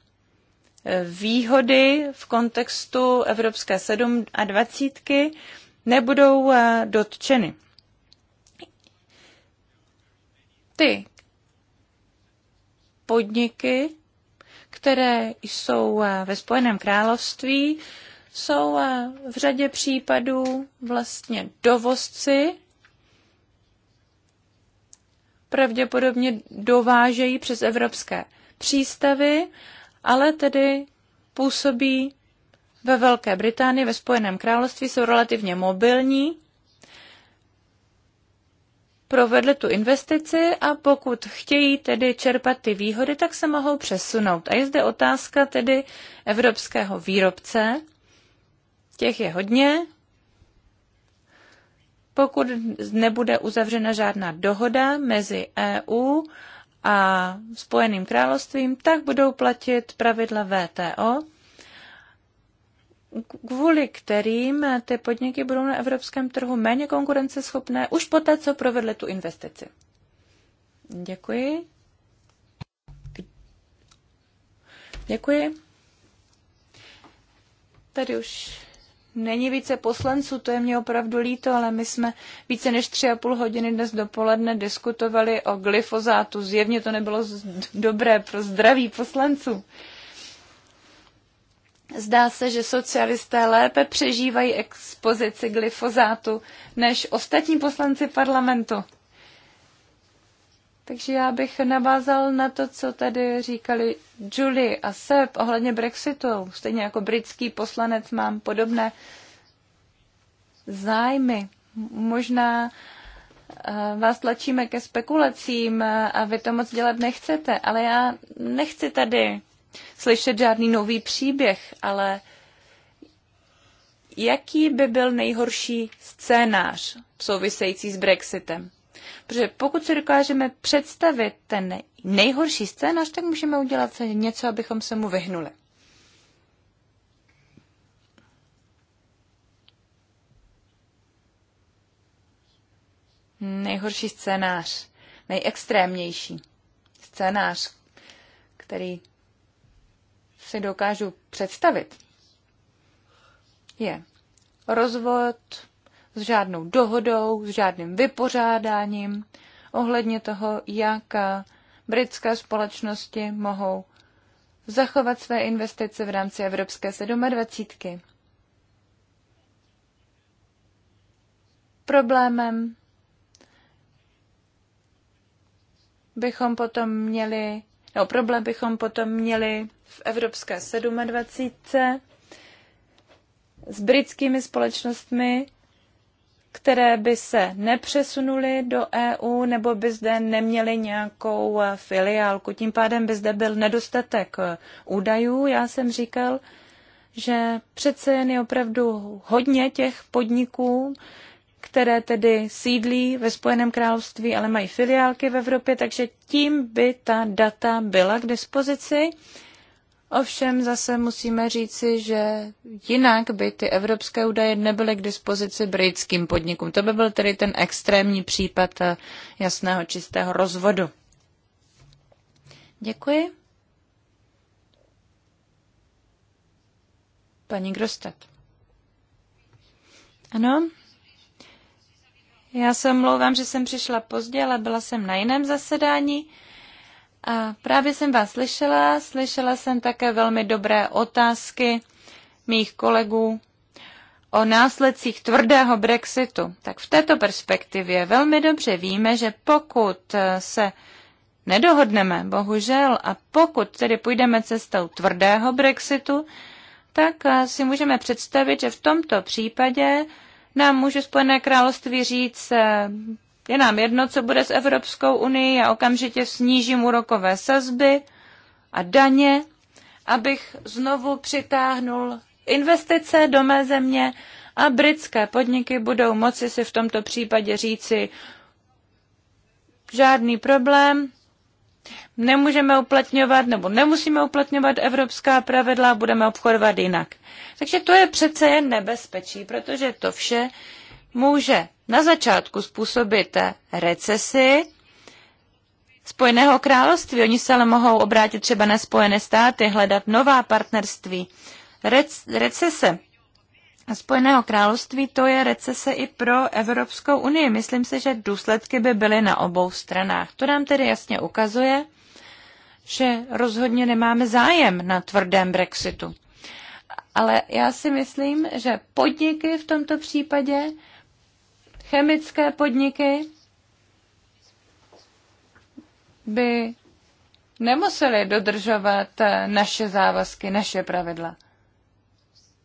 výhody v kontextu Evropské 7 a 20 nebudou eh, dotčeny. Ty podniky, které jsou eh, ve Spojeném království, jsou eh, v řadě případů vlastně dovozci. Pravděpodobně dovážejí přes evropské přístavy ale tedy působí ve Velké Británii, ve Spojeném království, jsou relativně mobilní, provedli tu investici a pokud chtějí tedy čerpat ty výhody, tak se mohou přesunout. A je zde otázka tedy evropského výrobce. Těch je hodně. Pokud nebude uzavřena žádná dohoda mezi EU a Spojeným královstvím, tak budou platit pravidla VTO, kvůli kterým ty podniky budou na evropském trhu méně konkurenceschopné už poté, co provedly tu investici. Děkuji. Děkuji. Tady už není více poslanců, to je mě opravdu líto, ale my jsme více než tři a půl hodiny dnes dopoledne diskutovali o glyfozátu. Zjevně to nebylo dobré pro zdraví poslanců. Zdá se, že socialisté lépe přežívají expozici glyfozátu než ostatní poslanci parlamentu. Takže já bych navázal na to, co tady říkali Julie a Seb ohledně Brexitu. Stejně jako britský poslanec mám podobné zájmy. Možná eh, vás tlačíme ke spekulacím a vy to moc dělat nechcete, ale já nechci tady slyšet žádný nový příběh, ale jaký by byl nejhorší scénář související s Brexitem? Protože pokud si dokážeme představit ten nejhorší scénář, tak můžeme udělat něco, abychom se mu vyhnuli. Nejhorší scénář, nejextrémnější scénář, který si dokážu představit, je rozvod s žádnou dohodou, s žádným vypořádáním ohledně toho, jak britské společnosti mohou zachovat své investice v rámci Evropské 27. Problémem bychom potom měli, no problém bychom potom měli v Evropské 27 s britskými společnostmi, které by se nepřesunuly do EU nebo by zde neměly nějakou filiálku. Tím pádem by zde byl nedostatek údajů. Já jsem říkal, že přece jen je opravdu hodně těch podniků, které tedy sídlí ve Spojeném království, ale mají filiálky v Evropě, takže tím by ta data byla k dispozici Ovšem zase musíme říci, že jinak by ty evropské údaje nebyly k dispozici britským podnikům. To by byl tedy ten extrémní případ eh, jasného čistého rozvodu. Děkuji. Paní Grostet. Ano? Já se omlouvám, že jsem přišla pozdě, ale byla jsem na jiném zasedání. A právě jsem vás slyšela, slyšela jsem také velmi dobré otázky mých kolegů o následcích tvrdého Brexitu. Tak v této perspektivě velmi dobře víme, že pokud se nedohodneme, bohužel, a pokud tedy půjdeme cestou tvrdého Brexitu, tak si můžeme představit, že v tomto případě nám může Spojené království říct, je nám jedno, co bude s Evropskou unii, já okamžitě snížím úrokové sazby a daně, abych znovu přitáhnul investice do mé země a britské podniky budou moci si v tomto případě říci žádný problém, nemůžeme uplatňovat nebo nemusíme uplatňovat evropská pravidla, budeme obchodovat jinak. Takže to je přece jen nebezpečí, protože to vše může na začátku způsobit recesi Spojeného království. Oni se ale mohou obrátit třeba na Spojené státy, hledat nová partnerství. Rec- recese Spojeného království to je recese i pro Evropskou unii. Myslím si, že důsledky by byly na obou stranách. To nám tedy jasně ukazuje, že rozhodně nemáme zájem na tvrdém Brexitu. Ale já si myslím, že podniky v tomto případě chemické podniky by nemuseli dodržovat naše závazky, naše pravidla.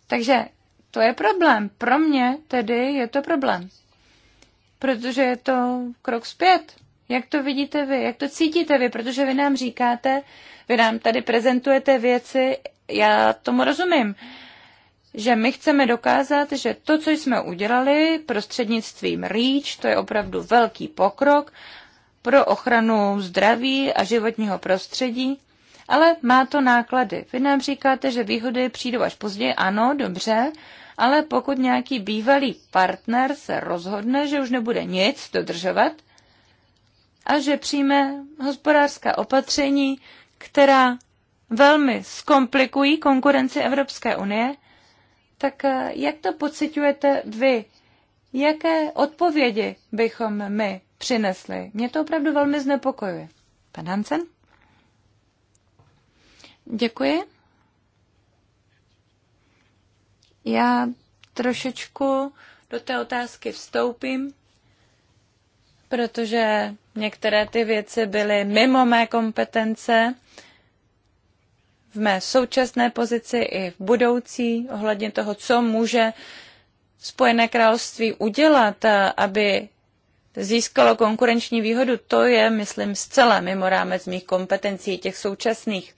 Takže to je problém. Pro mě tedy je to problém. Protože je to krok zpět. Jak to vidíte vy? Jak to cítíte vy? Protože vy nám říkáte, vy nám tady prezentujete věci, já tomu rozumím, že my chceme dokázat, že to, co jsme udělali prostřednictvím REACH, to je opravdu velký pokrok pro ochranu zdraví a životního prostředí, ale má to náklady. Vy nám říkáte, že výhody přijdou až později, ano, dobře, ale pokud nějaký bývalý partner se rozhodne, že už nebude nic dodržovat a že přijme hospodářská opatření, která velmi zkomplikují konkurenci Evropské unie, tak eh, jak to pociťujete vy? Jaké odpovědi bychom my přinesli? Mě to opravdu velmi znepokojuje. Pan Hansen? Děkuji. Já trošičku do té otázky vstoupím, protože některé ty věci byly mimo mé kompetence v mé současné pozici i v budoucí ohledně toho, co může Spojené království udělat, eh, aby získalo konkurenční výhodu, to je, myslím, zcela mimo rámec mých kompetencí těch současných.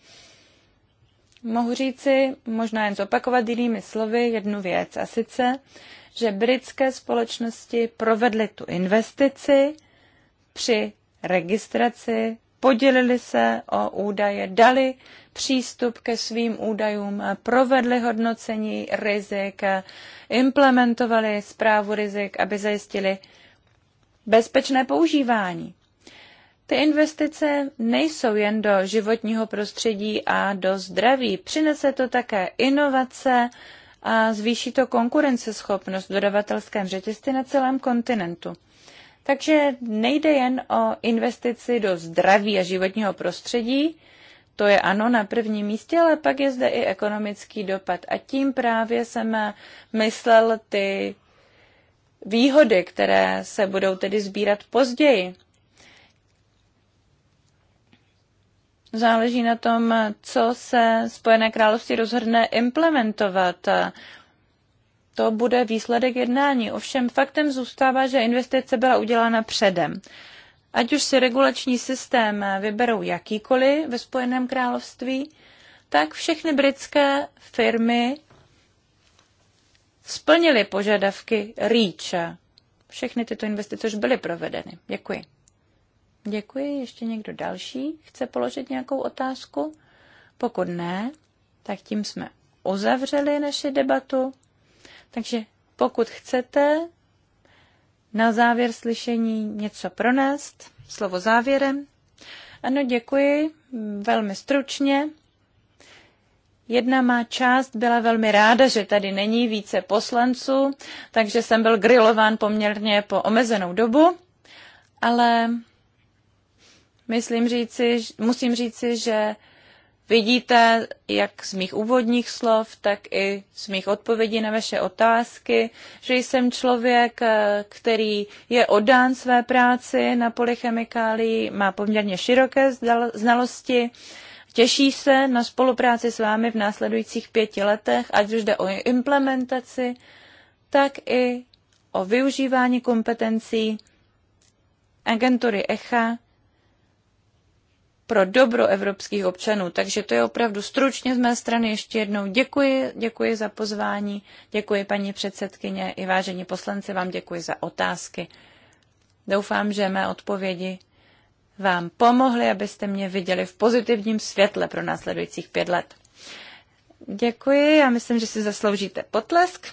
Mohu říci, možná jen zopakovat jinými slovy, jednu věc, a sice, že britské společnosti provedly tu investici při registraci podělili se o údaje, dali přístup ke svým údajům, provedli hodnocení rizik, implementovali zprávu rizik, aby zajistili bezpečné používání. Ty investice nejsou jen do životního prostředí a do zdraví. Přinese to také inovace a zvýší to konkurenceschopnost v dodavatelském řetězci na celém kontinentu. Takže nejde jen o investici do zdraví a životního prostředí, to je ano na prvním místě, ale pak je zde i ekonomický dopad. A tím právě jsem myslel ty výhody, které se budou tedy sbírat později. Záleží na tom, co se Spojené království rozhodne implementovat to bude výsledek jednání. Ovšem faktem zůstává, že investice byla udělána předem. Ať už si regulační systém vyberou jakýkoliv ve Spojeném království, tak všechny britské firmy splnily požadavky REACH. Všechny tyto investice už byly provedeny. Děkuji. Děkuji. Ještě někdo další chce položit nějakou otázku? Pokud ne, tak tím jsme uzavřeli naši debatu. Takže pokud chcete na závěr slyšení něco pronést, slovo závěrem. Ano, děkuji, velmi stručně. Jedna má část byla velmi ráda, že tady není více poslanců, takže jsem byl grilován poměrně po omezenou dobu, ale myslím říci, musím říci, že Vidíte, jak z mých úvodních slov, tak i z mých odpovědí na vaše otázky, že jsem člověk, eh, který je oddán své práci na polychemikálii, má poměrně široké znalosti, těší se na spolupráci s vámi v následujících pěti letech, ať už jde o implementaci, tak i o využívání kompetencí agentury ECHA pro dobro evropských občanů. Takže to je opravdu stručně z mé strany. Ještě jednou děkuji, děkuji za pozvání, děkuji paní předsedkyně i vážení poslanci, vám děkuji za otázky. Doufám, že mé odpovědi vám pomohly, abyste mě viděli v pozitivním světle pro následujících pět let. Děkuji, já myslím, že si zasloužíte potlesk.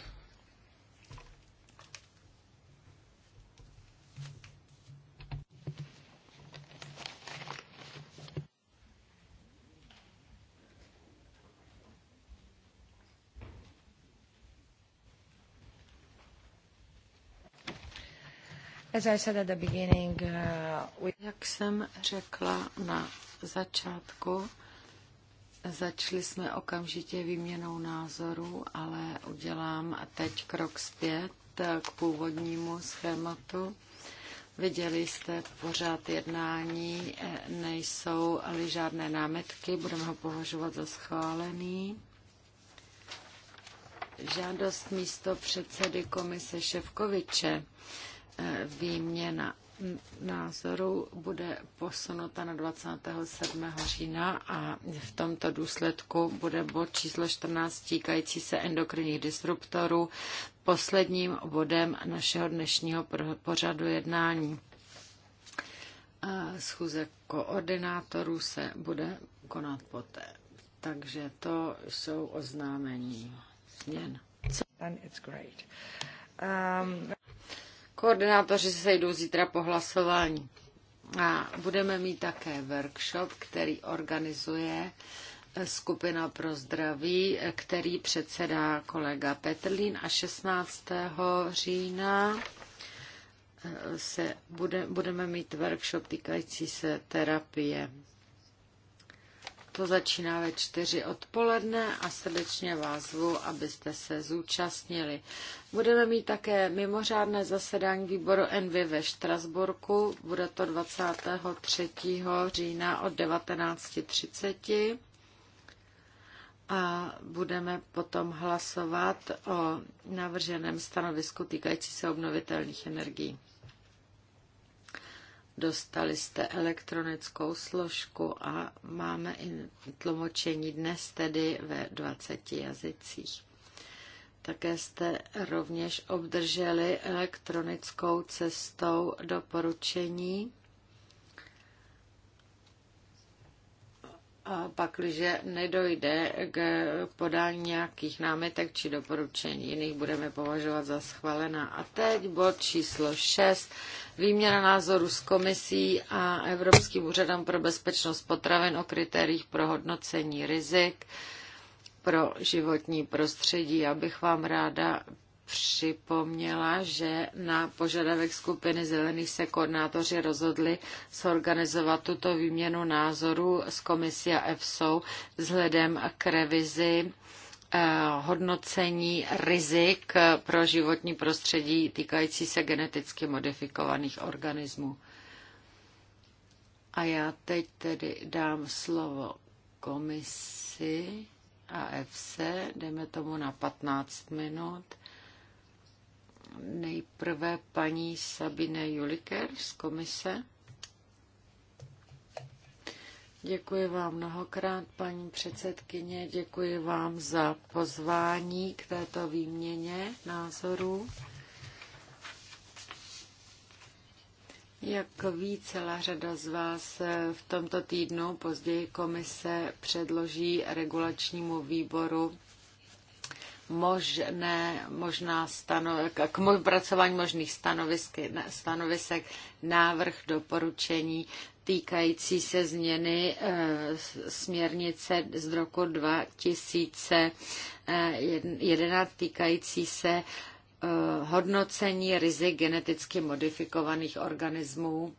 Uh, Jak jsem řekla na začátku, začali jsme okamžitě výměnou názorů, ale udělám teď krok zpět eh, k původnímu schématu. Viděli jste pořád jednání, eh, nejsou ale žádné námetky, budeme ho považovat za schválený. Žádost místo předsedy komise Ševkoviče výměna názoru bude posunuta na 27. října a v tomto důsledku bude bod číslo 14 týkající se endokrinních disruptorů posledním bodem našeho dnešního pořadu jednání. Schůze koordinátorů se bude konat poté. Takže to jsou oznámení změn. Then it's great. Um... Koordinátoři se sejdou zítra po hlasování. A budeme mít také workshop, který organizuje eh, skupina pro zdraví, eh, který předsedá kolega Petrlín a 16. října eh, se bude, budeme mít workshop týkající se terapie to začíná ve čtyři odpoledne a srdečně vás zvu, abyste se zúčastnili. Budeme mít také mimořádné zasedání výboru Envy ve Štrasburku. Bude to 23. října od 19.30 a budeme potom hlasovat o navrženém stanovisku týkající se obnovitelných energií dostali jste elektronickou složku a máme i tlumočení dnes tedy ve 20 jazycích. Také jste rovněž obdrželi elektronickou cestou doporučení. A pak, když nedojde k podání nějakých námitek či doporučení jiných, budeme považovat za schválená. A teď bod číslo 6 výměna názorů s komisí a Evropským úřadem pro bezpečnost potravin o kritériích pro hodnocení rizik pro životní prostředí. Já bych vám ráda připomněla, že na požadavek skupiny zelených se koordinátoři rozhodli zorganizovat tuto výměnu názorů s komisí a EFSO vzhledem k revizi Eh, hodnocení rizik pro životní prostředí týkající se geneticky modifikovaných organismů. A já teď tedy dám slovo komisi a EFSE, jdeme tomu na 15 minut. Nejprve paní Sabine Juliker z komise. Děkuji vám mnohokrát, paní předsedkyně. Děkuji vám za pozvání k této výměně názorů. Jak ví celá řada z vás, v tomto týdnu později komise předloží regulačnímu výboru možné, možná stano, k pracování možných stanovisek návrh doporučení týkající se změny eh, směrnice z roku 2011 eh, týkající se eh, hodnocení rizik geneticky modifikovaných organismů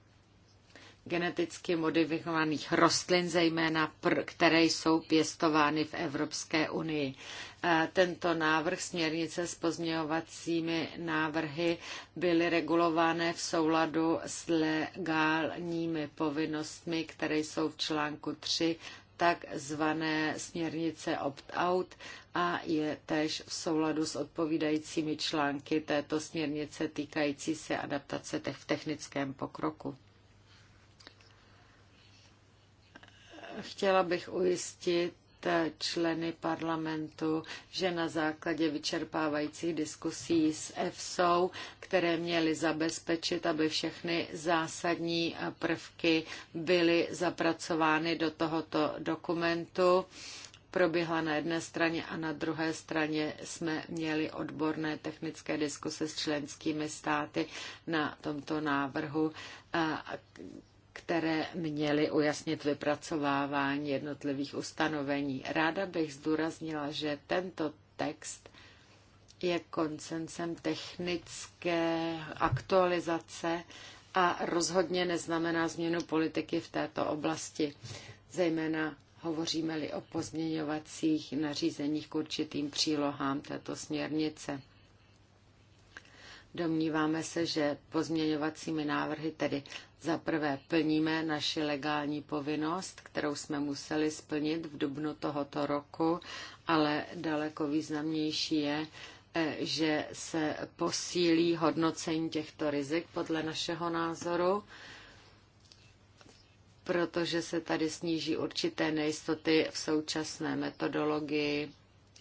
geneticky modifikovaných rostlin, zejména pr, které jsou pěstovány v Evropské unii. E, tento návrh směrnice s pozměňovacími návrhy byly regulované v souladu s legálními povinnostmi, které jsou v článku 3 takzvané směrnice opt-out a je též v souladu s odpovídajícími články této směrnice týkající se adaptace v technickém pokroku. Chtěla bych ujistit členy parlamentu, že na základě vyčerpávajících diskusí s EFSou, které měly zabezpečit, aby všechny zásadní prvky byly zapracovány do tohoto dokumentu, proběhla na jedné straně a na druhé straně jsme měli odborné technické diskuse s členskými státy na tomto návrhu, které měly ujasnit vypracovávání jednotlivých ustanovení. Ráda bych zdůraznila, že tento text je koncensem technické aktualizace a rozhodně neznamená změnu politiky v této oblasti, zejména hovoříme-li o pozměňovacích nařízeních k určitým přílohám této směrnice. Domníváme se, že pozměňovacími návrhy tedy za prvé plníme naši legální povinnost, kterou jsme museli splnit v dubnu tohoto roku, ale daleko významnější je, eh, že se posílí hodnocení těchto rizik podle našeho názoru, protože se tady sníží určité nejistoty v současné metodologii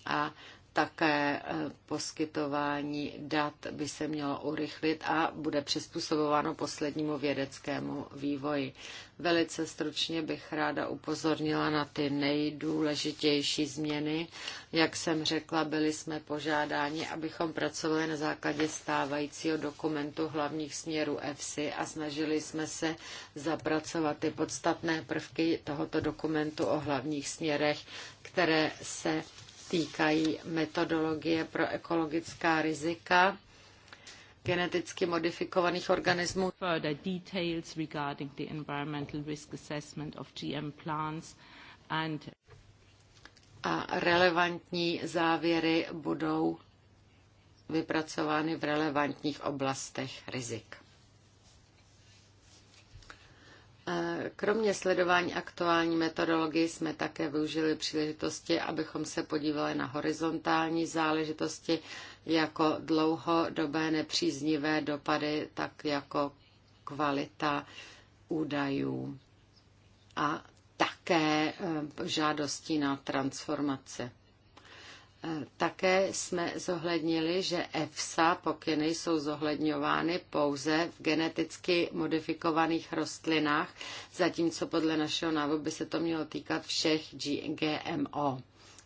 a také e, poskytování dat by se mělo urychlit a bude přizpůsobováno poslednímu vědeckému vývoji. Velice stručně bych ráda upozornila na ty nejdůležitější změny. Jak jsem řekla, byli jsme požádáni, abychom pracovali na základě stávajícího dokumentu hlavních směrů EFSI a snažili jsme se zapracovat ty podstatné prvky tohoto dokumentu o hlavních směrech, které se týkají metodologie pro ekologická rizika geneticky modifikovaných organismů. Further details regarding the environmental risk assessment of GM plants and a relevantní závěry budou vypracovány v relevantních oblastech rizik. Kromě sledování aktuální metodologie jsme také využili příležitosti, abychom se podívali na horizontální záležitosti jako dlouhodobé nepříznivé dopady, tak jako kvalita údajů a také eh, žádostí na transformace. Také jsme zohlednili, že EFSA pokyny jsou zohledňovány pouze v geneticky modifikovaných rostlinách, zatímco podle našeho návodu by se to mělo týkat všech GMO,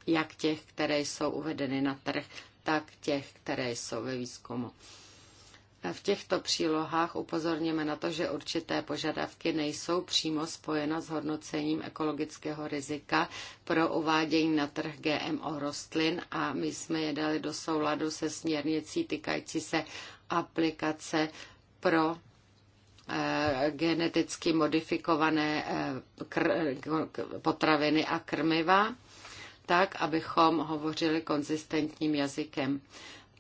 jak těch, které jsou uvedeny na trh, tak těch, které jsou ve výzkumu. V těchto přílohách upozorněme na to, že určité požadavky nejsou přímo spojena s hodnocením ekologického rizika pro uvádění na trh GMO rostlin a my jsme je dali do souladu se směrnicí týkající se aplikace pro eh, geneticky modifikované eh, potraviny a krmiva, tak, abychom hovořili konzistentním jazykem.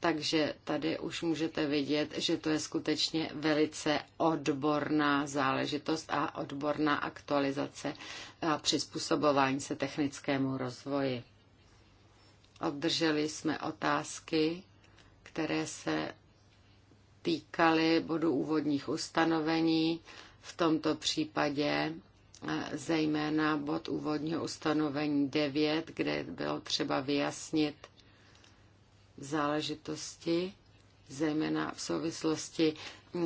Takže tady už můžete vidět, že to je skutečně velice odborná záležitost a odborná aktualizace a přizpůsobování se technickému rozvoji. Obdrželi jsme otázky, které se týkaly bodu úvodních ustanovení, v tomto případě eh, zejména bod úvodního ustanovení 9, kde bylo třeba vyjasnit, záležitosti, zejména v souvislosti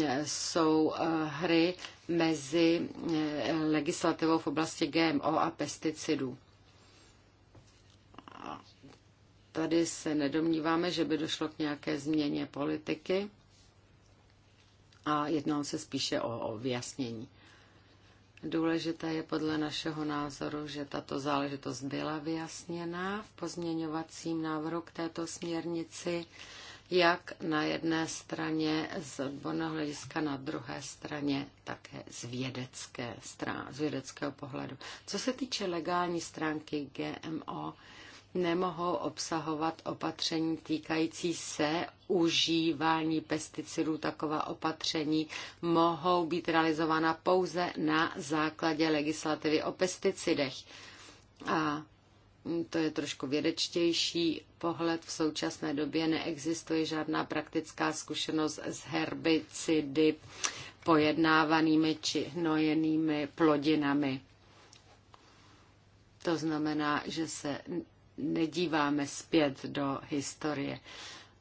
eh, jsou eh, hry mezi eh, legislativou v oblasti GMO a pesticidů. Tady se nedomníváme, že by došlo k nějaké změně politiky a jednalo se spíše o, o vyjasnění. Důležité je podle našeho názoru, že tato záležitost byla vyjasněna v pozměňovacím návrhu k této směrnici, jak na jedné straně z odborného hlediska, na druhé straně také z, vědecké strán, z vědeckého pohledu. Co se týče legální stránky GMO, nemohou obsahovat opatření týkající se užívání pesticidů. Taková opatření mohou být realizována pouze na základě legislativy o pesticidech. A to je trošku vědečtější pohled. V současné době neexistuje žádná praktická zkušenost s herbicidy pojednávanými či hnojenými plodinami. To znamená, že se nedíváme zpět do historie.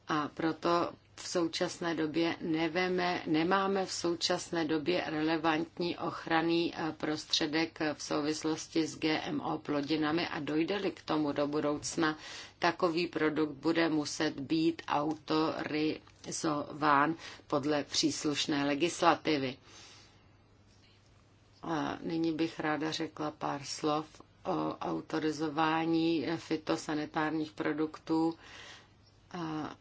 A proto v současné době neveme, nemáme v současné době relevantní ochranný eh, prostředek v souvislosti s GMO plodinami a dojde-li k tomu do budoucna, takový produkt bude muset být autorizován podle příslušné legislativy. A nyní bych ráda řekla pár slov o autorizování fitosanitárních produktů. A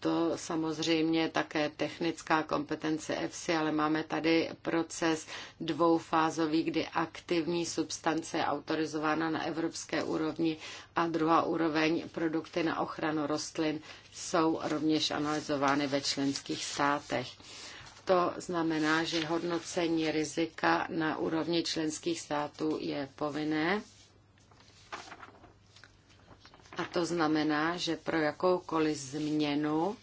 to samozřejmě také technická kompetence EFSI, ale máme tady proces dvoufázový, kdy aktivní substance je autorizována na evropské úrovni a druhá úroveň produkty na ochranu rostlin jsou rovněž analyzovány ve členských státech. To znamená, že hodnocení rizika na úrovni členských států je povinné. A to znamená, že pro jakoukoliv změnu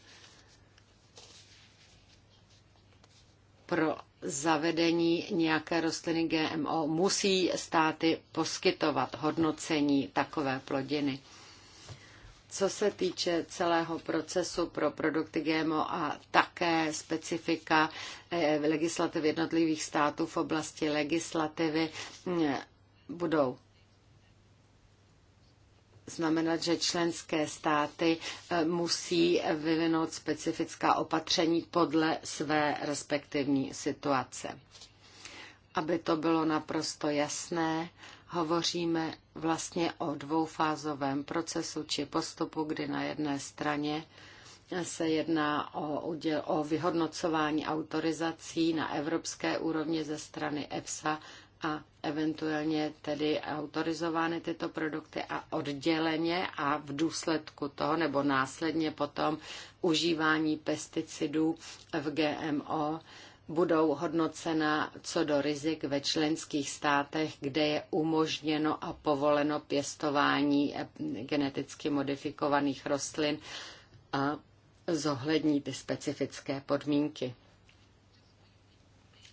pro zavedení nějaké rostliny GMO musí státy poskytovat hodnocení takové plodiny. Co se týče celého procesu pro produkty GMO a také specifika eh, legislativy jednotlivých států v oblasti legislativy, eh, budou znamenat, že členské státy eh, musí vyvinout specifická opatření podle své respektivní situace. Aby to bylo naprosto jasné, hovoříme vlastně o dvoufázovém procesu či postupu, kdy na jedné straně se jedná o, uděl, o vyhodnocování autorizací na evropské úrovni ze strany EFSA a eventuálně tedy autorizovány tyto produkty a odděleně a v důsledku toho nebo následně potom užívání pesticidů v GMO budou hodnocena co do rizik ve členských státech, kde je umožněno a povoleno pěstování eh, geneticky modifikovaných rostlin a zohlední ty specifické podmínky.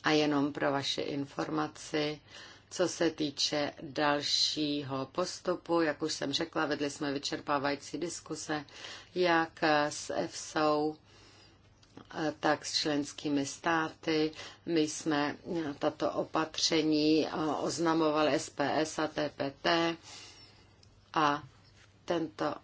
A jenom pro vaše informaci, co se týče dalšího postupu, jak už jsem řekla, vedli jsme vyčerpávající diskuse, jak s EFSA, tak s členskými státy. My jsme tato opatření eh, oznamovali SPS a TPT a tento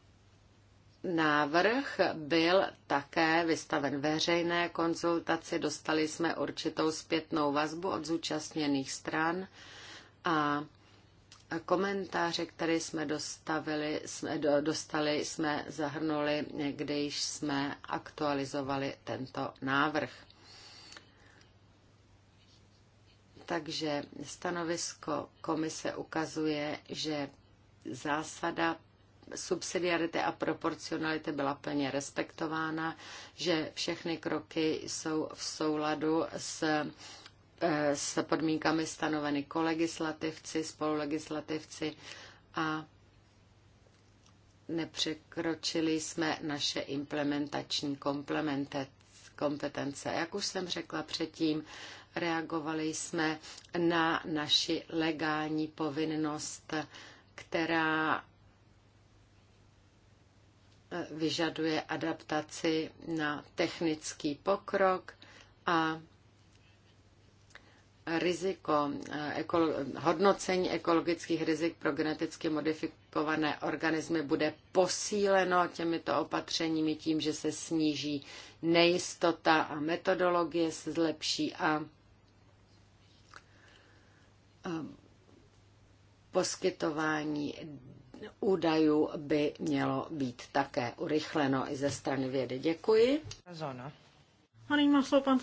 návrh byl také vystaven veřejné konzultaci. Dostali jsme určitou zpětnou vazbu od zúčastněných stran a komentáře, které jsme, dostavili, jsme do, dostali, jsme zahrnuli, když jsme aktualizovali tento návrh. Takže stanovisko komise ukazuje, že zásada subsidiarity a proporcionality byla plně respektována, že všechny kroky jsou v souladu s Eh, s podmínkami stanoveny kolegislativci, spolulegislativci a nepřekročili jsme naše implementační kompetence. Jak už jsem řekla předtím, reagovali jsme na naši legální povinnost, která eh, vyžaduje adaptaci na technický pokrok a riziko eh, ekolo, hodnocení ekologických rizik pro geneticky modifikované organismy bude posíleno těmito opatřeními tím, že se sníží nejistota a metodologie se zlepší a poskytování údajů by mělo být také urychleno i ze strany vědy. Děkuji. Zona. A nyní má slovo pan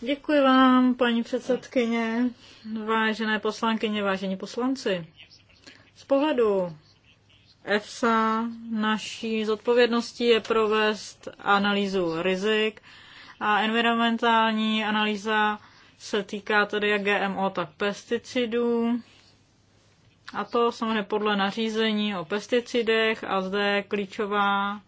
Děkuji vám, paní předsedkyně, vážené poslankyně, vážení poslanci. Z pohledu EFSA naší zodpovědností je provést analýzu rizik a environmentální analýza se týká tedy jak GMO, tak pesticidů. A to samozřejmě podle nařízení o pesticidech a zde je klíčová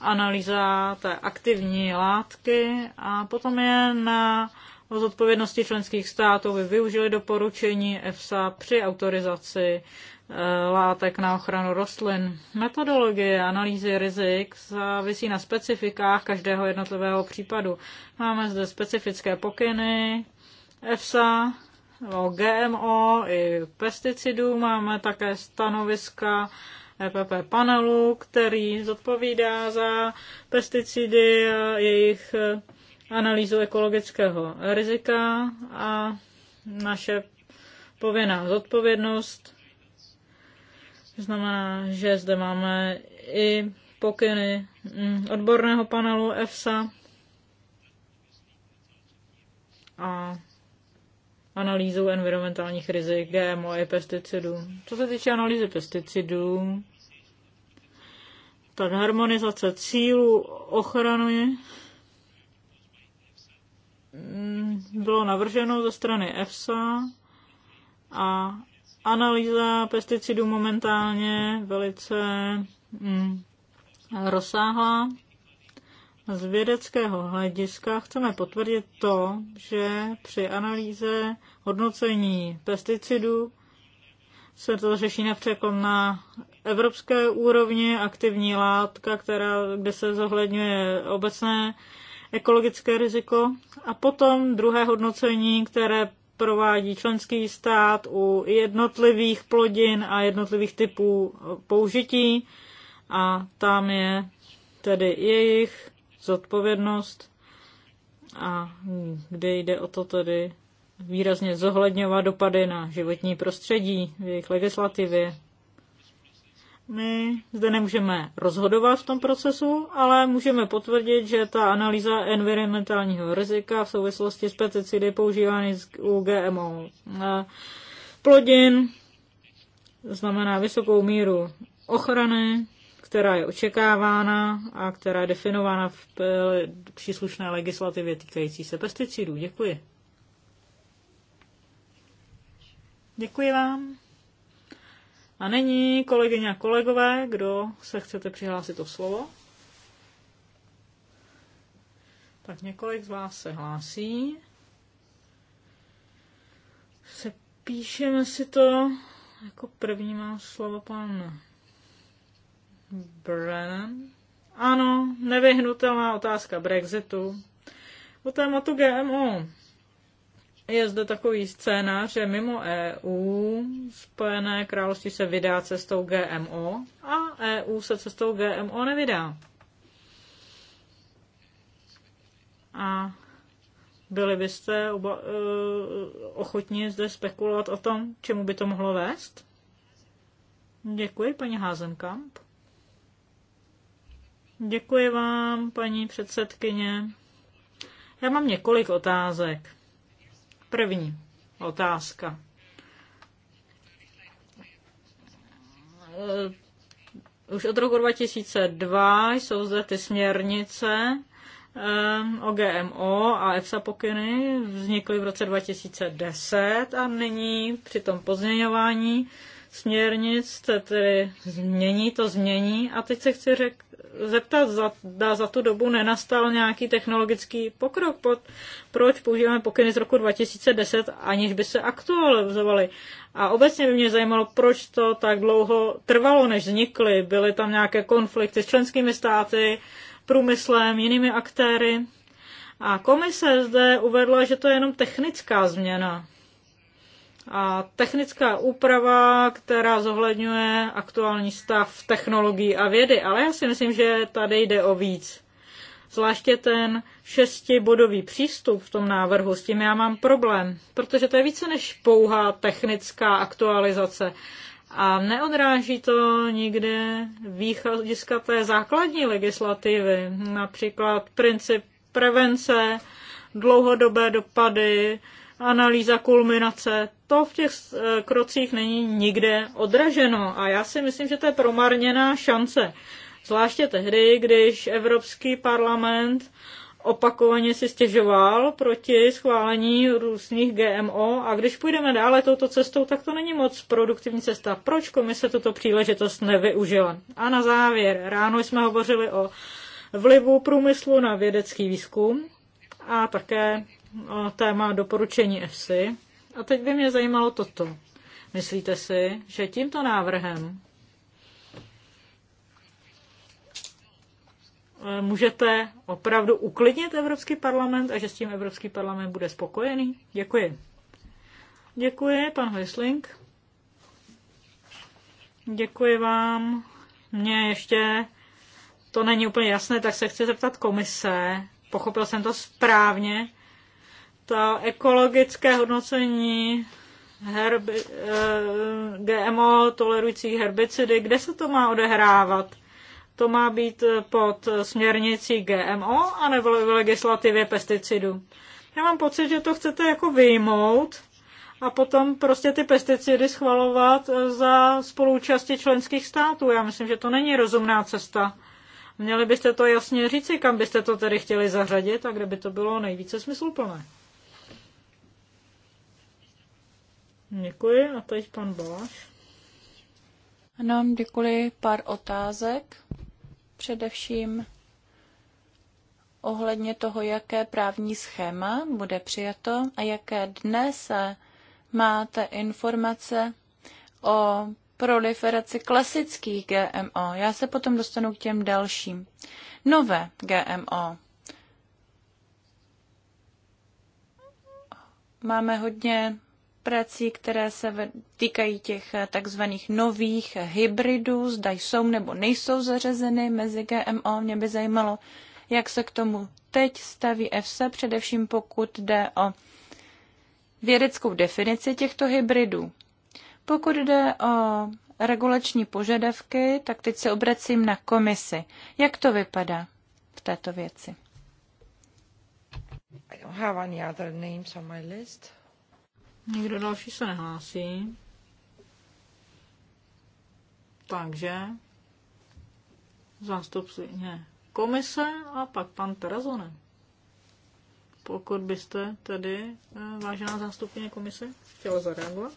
analýza té aktivní látky a potom je na o zodpovědnosti členských států by využili doporučení EFSA při autorizaci eh, látek na ochranu rostlin. Metodologie analýzy rizik závisí na specifikách každého jednotlivého případu. Máme zde specifické pokyny EFSA, o GMO i pesticidů, máme také stanoviska EPP panelu, který zodpovídá za pesticidy a jejich eh, analýzu ekologického rizika a naše povinná zodpovědnost. Znamená, že zde máme i pokyny mm, odborného panelu EFSA a analýzou environmentálních rizik, GMO i pesticidů. Co se týče analýzy pesticidů, tak harmonizace cílů ochrany mm, bylo navrženo ze strany EFSA a analýza pesticidů momentálně velice mm, rozsáhlá. Z vědeckého hlediska chceme potvrdit to, že při analýze hodnocení pesticidů se to řeší například na evropské úrovni, aktivní látka, která, kde se zohledňuje obecné ekologické riziko. A potom druhé hodnocení, které provádí členský stát u jednotlivých plodin a jednotlivých typů použití. A tam je tedy jejich zodpovědnost a kde jde o to tedy výrazně zohledňovat dopady na životní prostředí v jejich legislativě. My zde nemůžeme rozhodovat v tom procesu, ale můžeme potvrdit, že ta analýza environmentálního rizika v souvislosti s pesticidy používány u GMO plodin znamená vysokou míru ochrany která je očekávána a která je definována v příslušné legislativě týkající se pesticidů. Děkuji. Děkuji vám. A nyní, kolegyně a kolegové, kdo se chcete přihlásit o slovo? Tak několik z vás se hlásí. Se píšeme si to. Jako první má slovo pan Brennan. Ano, nevyhnutelná otázka Brexitu. O tématu GMO. Je zde takový scénář, že mimo EU Spojené království se vydá cestou GMO a EU se cestou GMO nevydá. A byli byste oba, uh, ochotni zde spekulovat o tom, čemu by to mohlo vést? Děkuji, paní Házenkamp. Děkuji vám, paní předsedkyně. Já mám několik otázek. První otázka. Eh, už od roku 2002 jsou zde ty směrnice eh, o GMO a EFSA pokyny vznikly v roce 2010 a nyní při tom pozměňování směrnic, tedy změní to změní. A teď se chci řek, zeptat, zda za tu dobu nenastal nějaký technologický pokrok, pod, proč používáme pokyny z roku 2010, aniž by se aktualizovaly. A obecně by mě zajímalo, proč to tak dlouho trvalo, než vznikly. Byly tam nějaké konflikty s členskými státy, průmyslem, jinými aktéry. A komise zde uvedla, že to je jenom technická změna a technická úprava, která zohledňuje aktuální stav technologií a vědy, ale já si myslím, že tady jde o víc. Zvláště ten šestibodový přístup v tom návrhu, s tím já mám problém, protože to je více než pouhá technická aktualizace. A neodráží to nikde východiska té základní legislativy, například princip prevence, dlouhodobé dopady, analýza kulminace, to v těch eh, krocích není nikde odraženo a já si myslím, že to je promarněná šance. Zvláště tehdy, když Evropský parlament opakovaně si stěžoval proti schválení různých GMO a když půjdeme dále touto cestou, tak to není moc produktivní cesta. Proč komise tuto příležitost nevyužila? A na závěr, ráno jsme hovořili o vlivu průmyslu na vědecký výzkum a také téma doporučení EFSI. A teď by mě zajímalo toto. Myslíte si, že tímto návrhem e, můžete opravdu uklidnit Evropský parlament a že s tím Evropský parlament bude spokojený? Děkuji. Děkuji, pan Hesling. Děkuji vám. Mně ještě to není úplně jasné, tak se chci zeptat komise. Pochopil jsem to správně, to ekologické hodnocení herbi, eh, GMO tolerujících herbicidy, kde se to má odehrávat? To má být pod směrnicí GMO anebo v legislativě pesticidů? Já mám pocit, že to chcete jako vyjmout a potom prostě ty pesticidy schvalovat za spolúčasti členských států. Já myslím, že to není rozumná cesta. Měli byste to jasně říci, kam byste to tedy chtěli zařadit a kde by to bylo nejvíce smysluplné. Děkuji a teď pan Baláš. Ano, děkuji. Pár otázek. Především ohledně toho, jaké právní schéma bude přijato a jaké dnes máte informace o proliferaci klasických GMO. Já se potom dostanu k těm dalším. Nové GMO. Máme hodně prací, které se týkají těch eh, takzvaných nových hybridů, zda jsou nebo nejsou zařazeny mezi GMO. Mě by zajímalo, jak se k tomu teď staví EFSA, především pokud jde o vědeckou definici těchto hybridů. Pokud jde o regulační požadavky, tak teď se obracím na komisi. Jak to vypadá v této věci? I don't have any other names on my list. Nikdo další se nehlásí. Takže zástupci, ne? komise a pak pan Terazone. Pokud byste tedy, eh, vážená zástupkyně komise, chtěla zareagovat.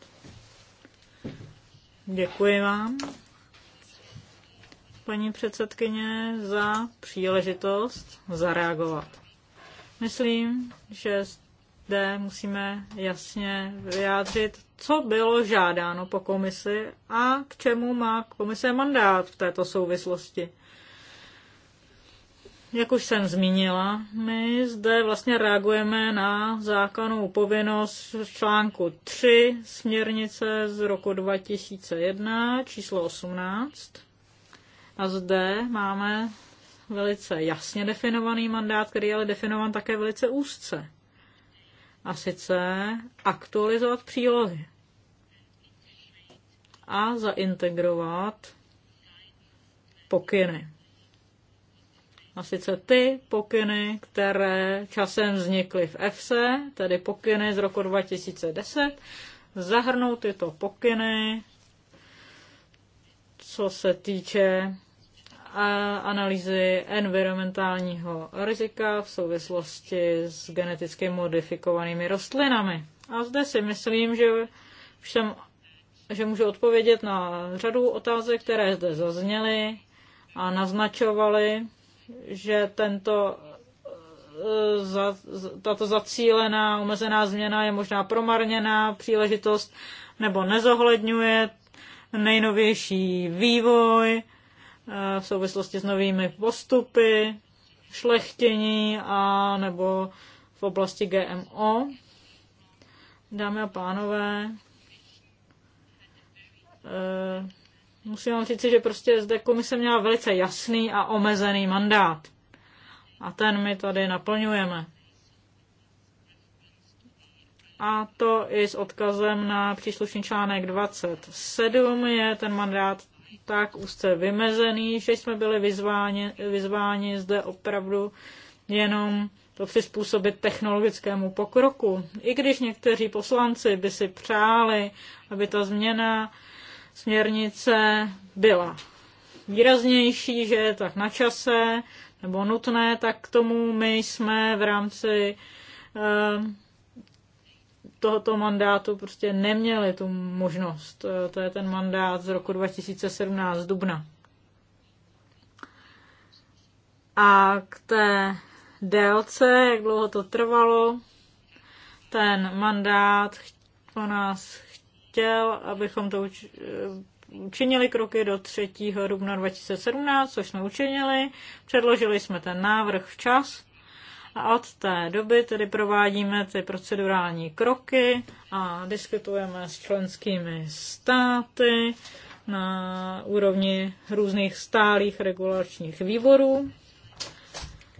Děkuji vám, paní předsedkyně, za příležitost zareagovat. Myslím, že zde musíme jasně vyjádřit, co bylo žádáno po komisi a k čemu má komise mandát v této souvislosti. Jak už jsem zmínila, my zde vlastně reagujeme na zákonnou povinnost článku 3 směrnice z roku 2001 číslo 18. A zde máme velice jasně definovaný mandát, který je ale definován také velice úzce a sice aktualizovat přílohy a zaintegrovat pokyny. A sice ty pokyny, které časem vznikly v EFSE, tedy pokyny z roku 2010, zahrnout tyto pokyny, co se týče analýzy environmentálního rizika v souvislosti s geneticky modifikovanými rostlinami. A zde si myslím, že jsem, že můžu odpovědět na řadu otázek, které zde zazněly a naznačovaly, že tento eh, za, tato zacílená omezená změna je možná promarněná příležitost nebo nezohledňuje nejnovější vývoj, Eh, v souvislosti s novými postupy, šlechtění a nebo v oblasti GMO. Dámy a pánové, eh, musím vám říct, že prostě zde komise měla velice jasný a omezený mandát. A ten my tady naplňujeme. A to i s odkazem na příslušný článek 27 je ten mandát tak úzce vymezený, že jsme byli vyzváni, vyzváni zde opravdu jenom to přizpůsobit technologickému pokroku. I když někteří poslanci by si přáli, aby ta změna směrnice byla výraznější, že je tak na čase nebo nutné, tak k tomu my jsme v rámci eh, tohoto mandátu prostě neměli tu možnost. E, to je ten mandát z roku 2017 z dubna. A k té délce, jak dlouho to trvalo, ten mandát po nás chtěl, abychom to uč- e, učinili kroky do 3. dubna 2017, což jsme učinili. Předložili jsme ten návrh včas a od té doby tedy provádíme ty procedurální kroky a diskutujeme s členskými státy na úrovni různých stálých regulačních výborů.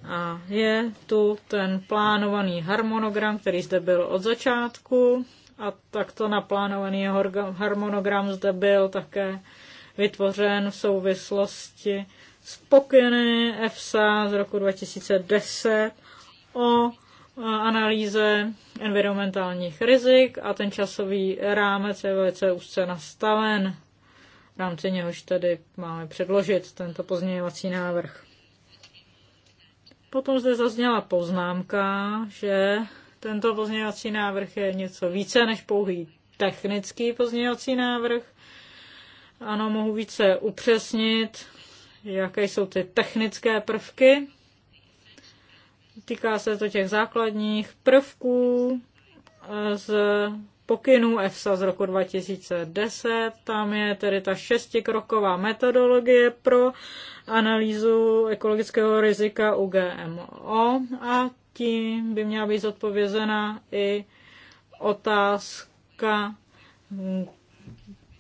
A je tu ten plánovaný harmonogram, který zde byl od začátku a takto naplánovaný harmonogram zde byl také vytvořen v souvislosti s pokyny EFSA z roku 2010 o analýze environmentálních rizik a ten časový rámec je velice úzce nastaven. V rámci něhož tedy máme předložit tento pozměňovací návrh. Potom zde zazněla poznámka, že tento pozměňovací návrh je něco více než pouhý technický pozměňovací návrh. Ano, mohu více upřesnit, jaké jsou ty technické prvky Týká se to těch základních prvků eh, z pokynů EFSA z roku 2010. Tam je tedy ta šestikroková metodologie pro analýzu ekologického rizika u GMO a tím by měla být zodpovězena i otázka,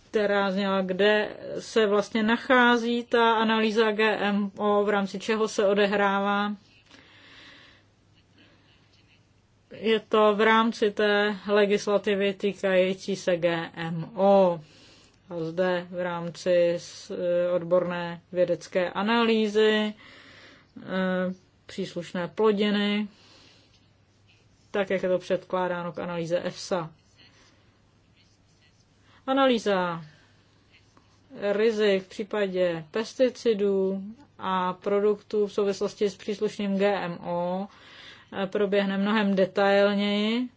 která zněla, kde se vlastně nachází ta analýza GMO, v rámci čeho se odehrává je to v rámci té legislativy týkající se GMO. A zde v rámci eh, odborné vědecké analýzy eh, příslušné plodiny, tak jak je to předkládáno k analýze EFSA. Analýza rizik v případě pesticidů a produktů v souvislosti s příslušným GMO proběhne mnohem detailněji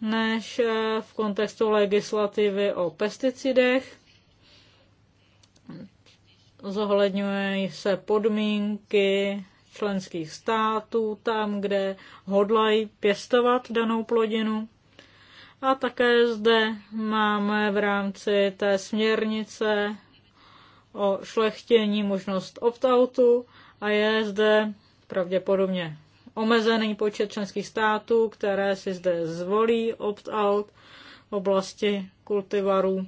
než eh, v kontextu legislativy o pesticidech. Zohledňují se podmínky členských států tam, kde hodlají pěstovat danou plodinu. A také zde máme v rámci té směrnice o šlechtění možnost opt-outu a je zde pravděpodobně omezený počet členských států, které si zde zvolí opt-out oblasti kultivarů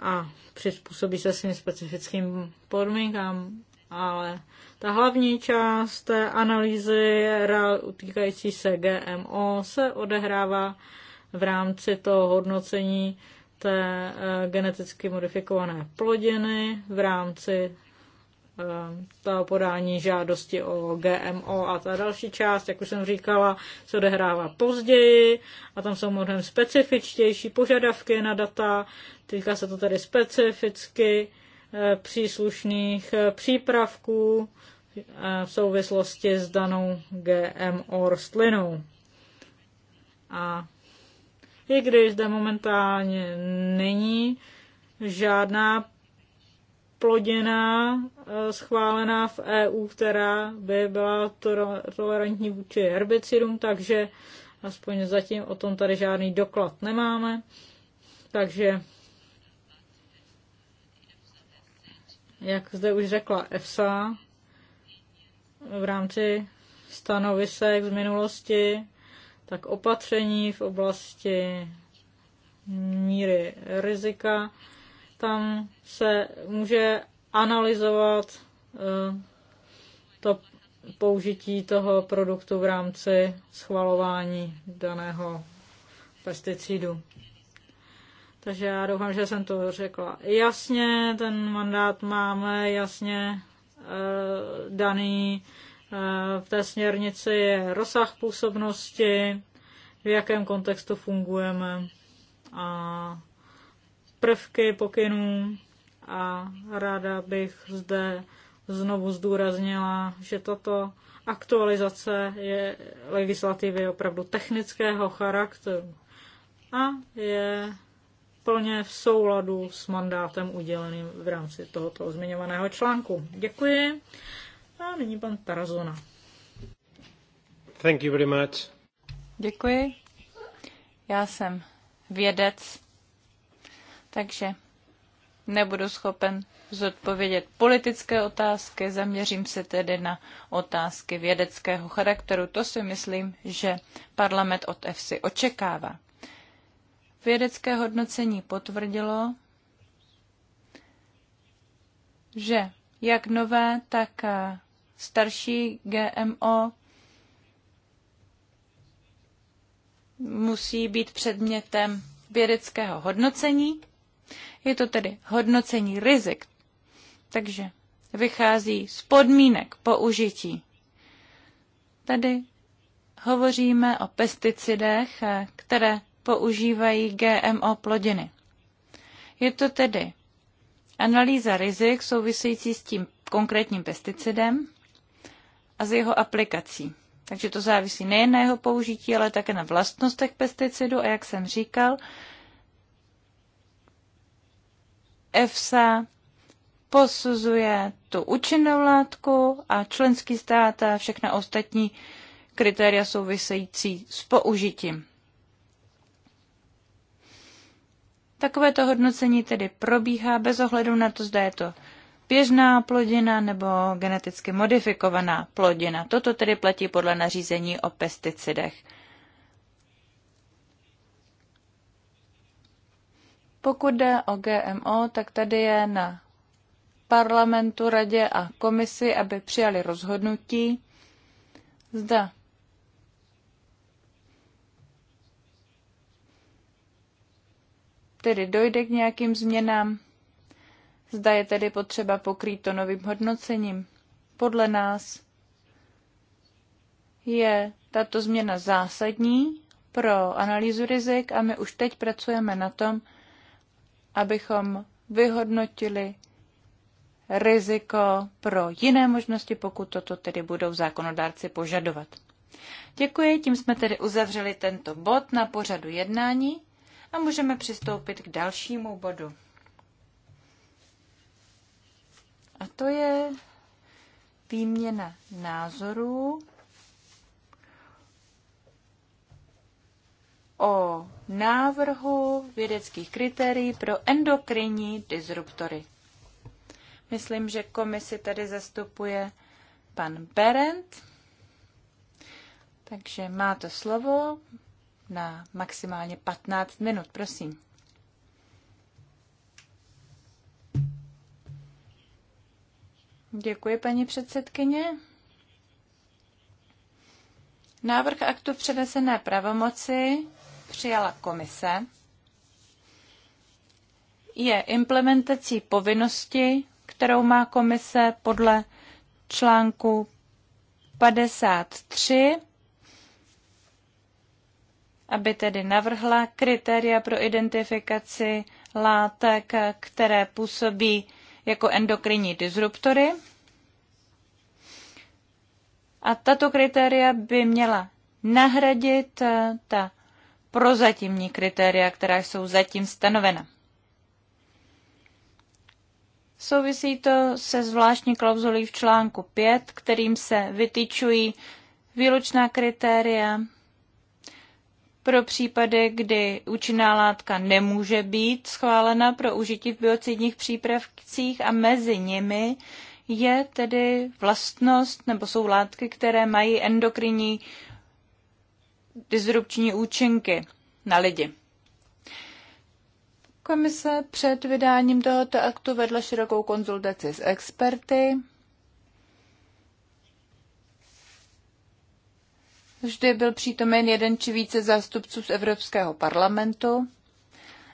a přizpůsobí se svým specifickým podmínkám, ale ta hlavní část té analýzy týkající se GMO se odehrává v rámci toho hodnocení té eh, geneticky modifikované plodiny v rámci Eh, to podání žádosti o GMO a ta další část, jak už jsem říkala, se odehrává později a tam jsou mnohem specifičtější požadavky na data. Týká se to tedy specificky eh, příslušných eh, přípravků v souvislosti s danou GMO rostlinou. A i když zde momentálně není žádná oploděná, eh, schválená v EU, která by byla tolerantní vůči herbicidům, takže aspoň zatím o tom tady žádný doklad nemáme. Takže, jak zde už řekla EFSA, v rámci stanovisek z minulosti, tak opatření v oblasti míry rizika tam se může analyzovat eh, to použití toho produktu v rámci schvalování daného pesticidu. Takže já doufám, že jsem to řekla. Jasně, ten mandát máme jasně eh, daný. Eh, v té směrnici je rozsah působnosti, v jakém kontextu fungujeme a prvky pokynů a ráda bych zde znovu zdůraznila, že tato aktualizace je legislativy opravdu technického charakteru a je plně v souladu s mandátem uděleným v rámci tohoto zmiňovaného článku. Děkuji. A nyní pan Tarazona. Thank you very much. Děkuji. Já jsem vědec takže nebudu schopen zodpovědět politické otázky, zaměřím se tedy na otázky vědeckého charakteru. To si myslím, že parlament od EFSI očekává. Vědecké hodnocení potvrdilo, že jak nové, tak eh, starší GMO musí být předmětem vědeckého hodnocení je to tedy hodnocení rizik. Takže vychází z podmínek použití. Tady hovoříme o pesticidech, které používají GMO plodiny. Je to tedy analýza rizik související s tím konkrétním pesticidem a s jeho aplikací. Takže to závisí nejen na jeho použití, ale také na vlastnostech pesticidu a jak jsem říkal, EFSA posuzuje tu účinnou látku a členský stát a všechna ostatní kritéria související s použitím. Takovéto hodnocení tedy probíhá bez ohledu na to, zda je to běžná plodina nebo geneticky modifikovaná plodina. Toto tedy platí podle nařízení o pesticidech. Pokud jde o GMO, tak tady je na parlamentu, radě a komisi, aby přijali rozhodnutí, zda tedy dojde k nějakým změnám, zda je tedy potřeba pokrýt to novým hodnocením. Podle nás je tato změna zásadní pro analýzu rizik a my už teď pracujeme na tom, abychom vyhodnotili riziko pro jiné možnosti, pokud toto tedy budou zákonodárci požadovat. Děkuji, tím jsme tedy uzavřeli tento bod na pořadu jednání a můžeme přistoupit k dalšímu bodu. A to je výměna názorů o návrhu vědeckých kritérií pro endokrinní disruptory. Myslím, že komisi tady zastupuje pan Berend. Takže má to slovo na maximálně 15 minut, prosím. Děkuji, paní předsedkyně. Návrh aktu přenesené pravomoci přijala komise, je implementací povinnosti, kterou má komise podle článku 53, aby tedy navrhla kritéria pro identifikaci látek, které působí jako endokrinní disruptory. A tato kritéria by měla nahradit eh, ta prozatímní kritéria, která jsou zatím stanovena. Souvisí to se zvláštní klauzulí v článku 5, kterým se vytyčují výlučná kritéria pro případy, kdy účinná látka nemůže být schválena pro užití v biocidních přípravcích a mezi nimi je tedy vlastnost nebo jsou látky, které mají endokrinní disrupční účinky na lidi. Komise před vydáním tohoto aktu vedla širokou konzultaci s experty. Vždy byl přítomen jeden či více zástupců z Evropského parlamentu.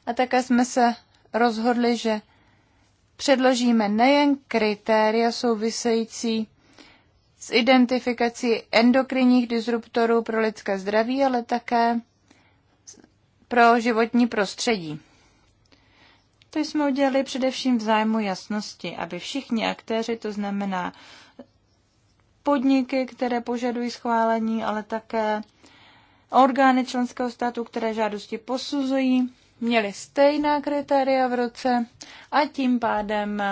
A také jsme se rozhodli, že předložíme nejen kritéria související s identifikací endokrinních disruptorů pro lidské zdraví, ale také pro životní prostředí. To jsme udělali především v zájmu jasnosti, aby všichni aktéři, to znamená podniky, které požadují schválení, ale také orgány členského státu, které žádosti posuzují, měly stejná kritéria v roce a tím pádem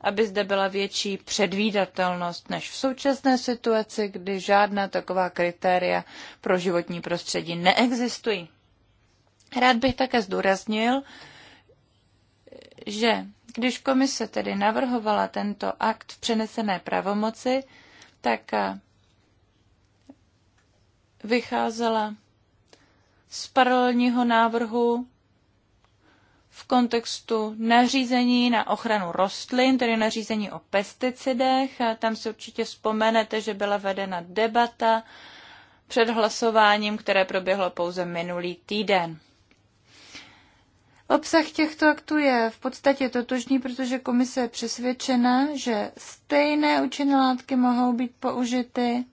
aby zde byla větší předvídatelnost než v současné situaci, kdy žádná taková kritéria pro životní prostředí neexistují. Rád bych také zdůraznil, že když komise tedy navrhovala tento akt v přenesené pravomoci, tak eh, vycházela z paralelního návrhu v kontextu nařízení na ochranu rostlin, tedy nařízení o pesticidech. Tam si určitě vzpomenete, že byla vedena debata před hlasováním, které proběhlo pouze minulý týden. Obsah těchto aktů je v podstatě totožný, protože komise je přesvědčena, že stejné účinné látky mohou být použity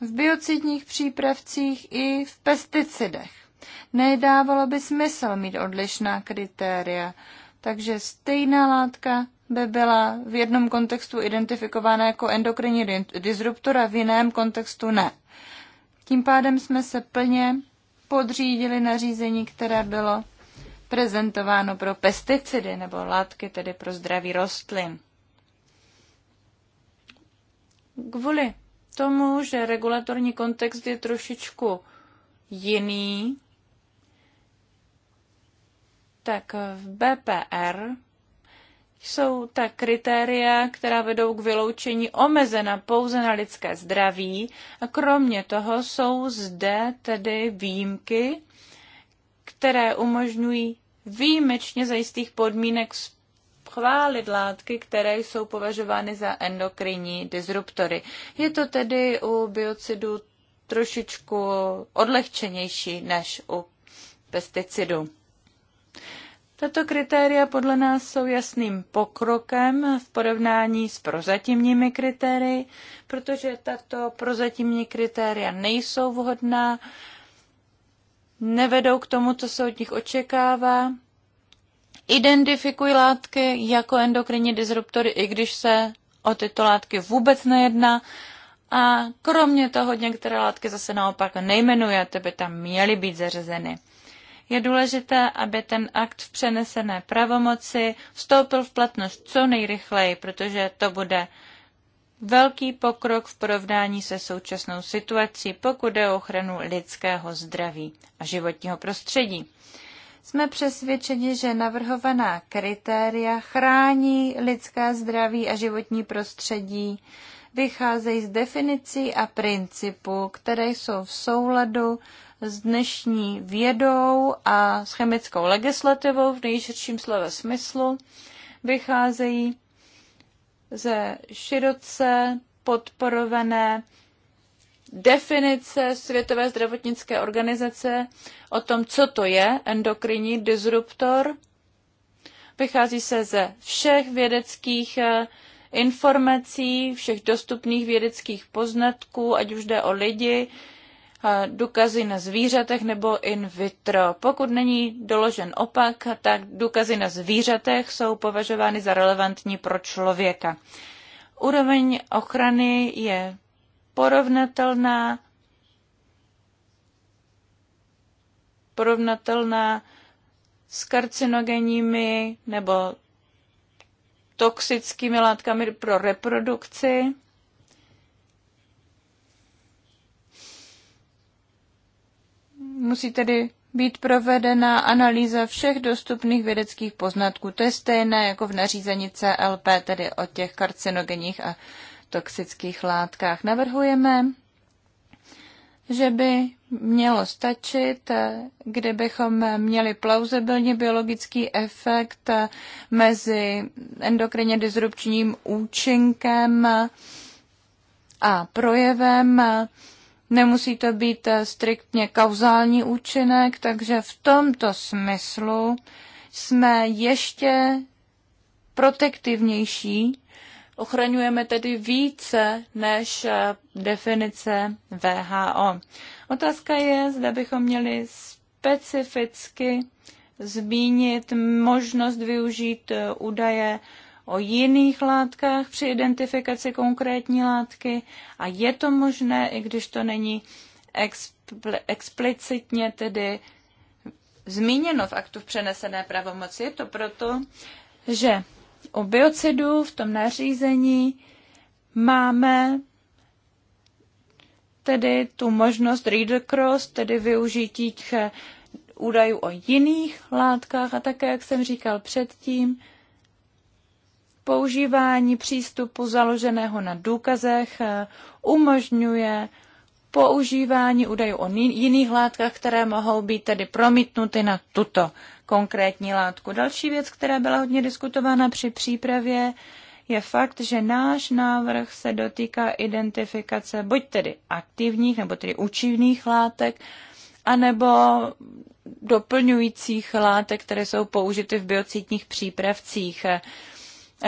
v biocidních přípravcích i v pesticidech. Nedávalo by smysl mít odlišná kritéria, takže stejná látka by byla v jednom kontextu identifikována jako endokrinní disruptor a v jiném kontextu ne. Tím pádem jsme se plně podřídili nařízení, které bylo prezentováno pro pesticidy nebo látky, tedy pro zdraví rostlin. Kvůli tomu, že regulatorní kontext je trošičku jiný, tak v BPR jsou ta kritéria, která vedou k vyloučení, omezena pouze na lidské zdraví a kromě toho jsou zde tedy výjimky, které umožňují výjimečně za jistých podmínek chválit látky, které jsou považovány za endokrinní disruptory. Je to tedy u biocidu trošičku odlehčenější než u pesticidu. Tato kritéria podle nás jsou jasným pokrokem v porovnání s prozatímními kritérii, protože tato prozatímní kritéria nejsou vhodná, nevedou k tomu, co se od nich očekává, identifikují látky jako endokrinní disruptory, i když se o tyto látky vůbec nejedná. A kromě toho některé látky zase naopak nejmenuje, ty by tam měly být zařazeny. Je důležité, aby ten akt v přenesené pravomoci vstoupil v platnost co nejrychleji, protože to bude velký pokrok v porovnání se současnou situací, pokud je o ochranu lidského zdraví a životního prostředí. Jsme přesvědčeni, že navrhovaná kritéria chrání lidské zdraví a životní prostředí, vycházejí z definicí a principů, které jsou v souladu s dnešní vědou a s chemickou legislativou v nejširším slova smyslu vycházejí ze široce podporované definice Světové zdravotnické organizace o tom, co to je endokrinní disruptor. Vychází se ze všech vědeckých eh, informací, všech dostupných vědeckých poznatků, ať už jde o lidi, důkazy na zvířatech nebo in vitro. Pokud není doložen opak, tak důkazy na zvířatech jsou považovány za relevantní pro člověka. Úroveň ochrany je porovnatelná, porovnatelná s karcinogenními nebo toxickými látkami pro reprodukci. musí tedy být provedena analýza všech dostupných vědeckých poznatků. To je stejné jako v nařízení CLP, tedy o těch karcinogenních a toxických látkách. Navrhujeme, že by mělo stačit, kdybychom měli plauzibilně biologický efekt mezi endokrinně disrupčním účinkem a projevem Nemusí to být eh, striktně kauzální účinek, takže v tomto smyslu jsme ještě protektivnější, ochraňujeme tedy více než eh, definice VHO. Otázka je, zda bychom měli specificky zmínit možnost využít eh, údaje o jiných látkách při identifikaci konkrétní látky a je to možné, i když to není explicitně tedy zmíněno v aktu v přenesené pravomoci. Je to proto, že u biocidů v tom nařízení máme tedy tu možnost read across, tedy využití těch údajů o jiných látkách a také, jak jsem říkal předtím, Používání přístupu založeného na důkazech eh, umožňuje používání údajů o jiných látkách, které mohou být tedy promítnuty na tuto konkrétní látku. Další věc, která byla hodně diskutována při přípravě, je fakt, že náš návrh se dotýká identifikace buď tedy aktivních nebo tedy účinných látek, anebo doplňujících látek, které jsou použity v biocitních přípravcích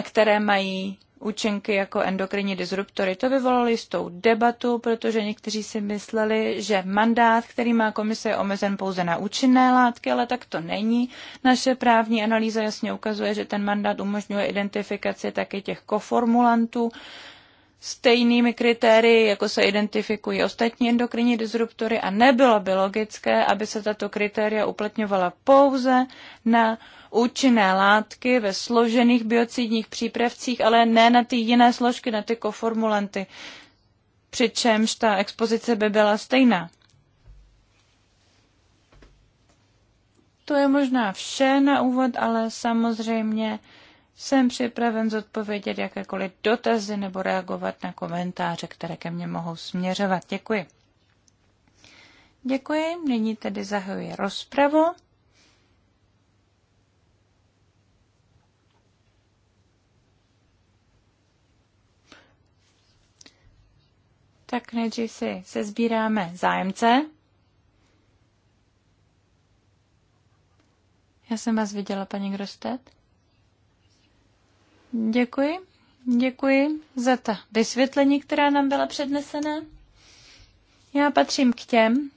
které mají účinky jako endokrinní disruptory. To vyvolalo jistou debatu, protože někteří si mysleli, že mandát, který má komise, je omezen pouze na účinné látky, ale tak to není. Naše právní analýza jasně ukazuje, že ten mandát umožňuje identifikaci také těch koformulantů, stejnými kritérii, jako se identifikují ostatní endokrinní disruptory a nebylo by logické, aby se tato kritéria uplatňovala pouze na účinné látky ve složených biocidních přípravcích, ale ne na ty jiné složky, na ty koformulanty, přičemž ta expozice by byla stejná. To je možná vše na úvod, ale samozřejmě jsem připraven zodpovědět jakékoliv dotazy nebo reagovat na komentáře, které ke mně mohou směřovat. Děkuji. Děkuji. Nyní tedy zahajuji rozpravu. tak nejdřív si sezbíráme zájemce. Já jsem vás viděla, paní Grostet. Děkuji. Děkuji za ta vysvětlení, která nám byla přednesena. Já patřím k těm,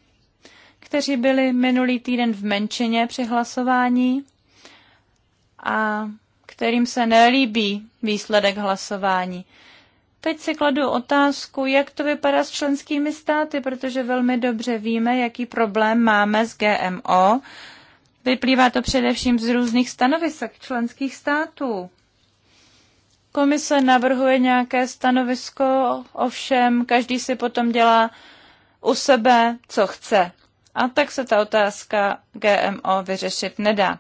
kteří byli minulý týden v menšině při hlasování a kterým se nelíbí výsledek hlasování. Teď si kladu otázku, jak to vypadá s členskými státy, protože velmi dobře víme, jaký problém máme s GMO. Vyplývá to především z různých stanovisek členských států. Komise navrhuje nějaké stanovisko, ovšem každý si potom dělá u sebe, co chce. A tak se ta otázka GMO vyřešit nedá.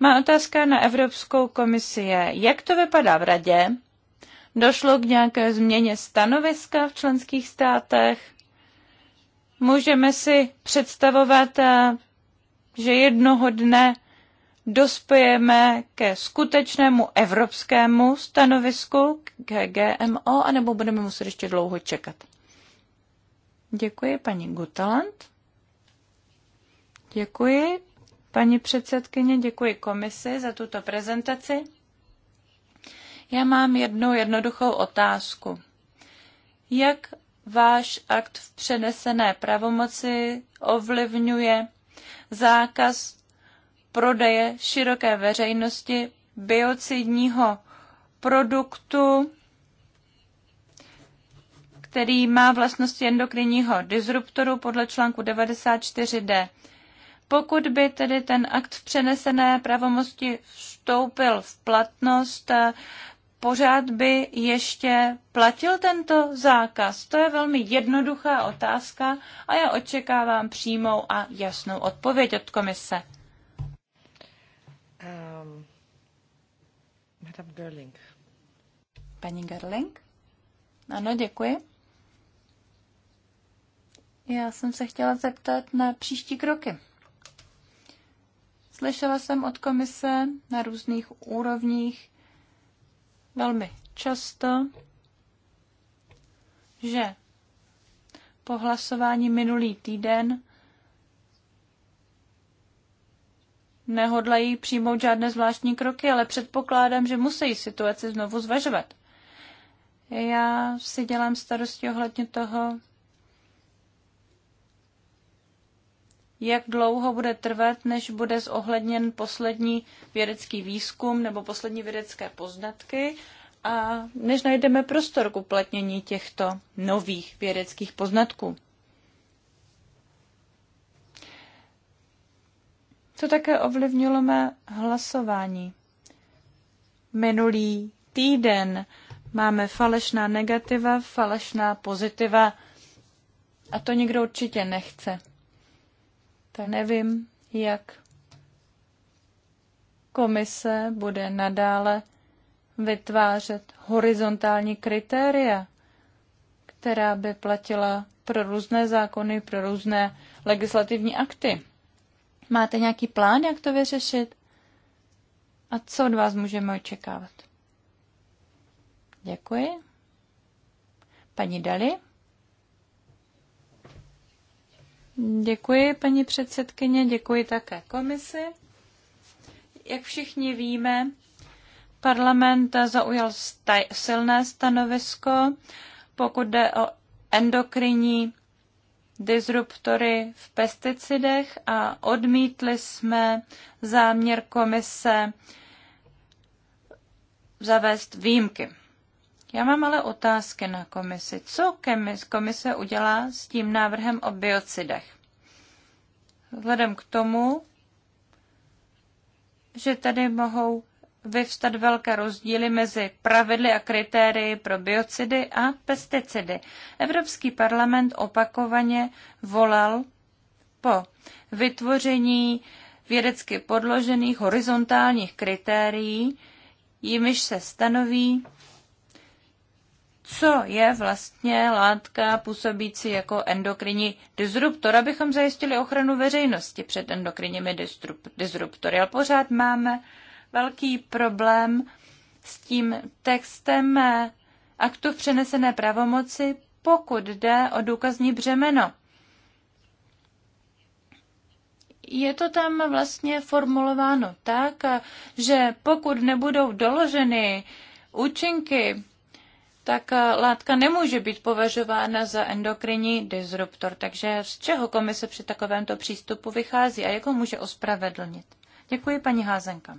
Má otázka na Evropskou komisi je, jak to vypadá v radě, Došlo k nějaké změně stanoviska v členských státech? Můžeme si představovat, eh, že jednoho dne dospějeme ke skutečnému evropskému stanovisku k GMO, anebo budeme muset ještě dlouho čekat? Děkuji, paní Gutaland. Děkuji, paní předsedkyně, děkuji komisi za tuto prezentaci. Já mám jednu jednoduchou otázku. Jak váš akt v přenesené pravomoci ovlivňuje zákaz prodeje široké veřejnosti biocidního produktu, který má vlastnosti endokrinního disruptoru podle článku 94d. Pokud by tedy ten akt v přenesené pravomosti vstoupil v platnost, pořád by ještě platil tento zákaz? To je velmi jednoduchá otázka a já očekávám přímou a jasnou odpověď od komise. Um, Madame Gerling. Paní Gerling? Ano, děkuji. Já jsem se chtěla zeptat na příští kroky. Slyšela jsem od komise na různých úrovních, velmi často, že po hlasování minulý týden nehodlají přijmout žádné zvláštní kroky, ale předpokládám, že musí situaci znovu zvažovat. Já si dělám starosti ohledně toho, jak dlouho bude trvat, než bude zohledněn poslední vědecký výzkum nebo poslední vědecké poznatky a než najdeme prostor k uplatnění těchto nových vědeckých poznatků. To také ovlivnilo mé hlasování. Minulý týden máme falešná negativa, falešná pozitiva a to nikdo určitě nechce tak nevím, jak komise bude nadále vytvářet horizontální kritéria, která by platila pro různé zákony, pro různé legislativní akty. Máte nějaký plán, jak to vyřešit? A co od vás můžeme očekávat? Děkuji. Paní Dali? Děkuji, paní předsedkyně, děkuji také komisi. Jak všichni víme, parlament zaujal staj- silné stanovisko, pokud jde o endokrinní disruptory v pesticidech a odmítli jsme záměr komise zavést výjimky. Já mám ale otázky na komisi. Co komise udělá s tím návrhem o biocidech? Vzhledem k tomu, že tady mohou vyvstat velké rozdíly mezi pravidly a kritérii pro biocidy a pesticidy. Evropský parlament opakovaně volal po vytvoření vědecky podložených horizontálních kritérií, jimiž se stanoví co je vlastně látka působící jako endokrinní disruptor, abychom zajistili ochranu veřejnosti před endokrinními disruptory. Ale pořád máme velký problém s tím textem aktu v přenesené pravomoci, pokud jde o důkazní břemeno. Je to tam vlastně formulováno tak, že pokud nebudou doloženy účinky tak eh, látka nemůže být považována za endokrinní disruptor. Takže z čeho komise při takovémto přístupu vychází a jak ho může ospravedlnit? Děkuji, paní Házenka.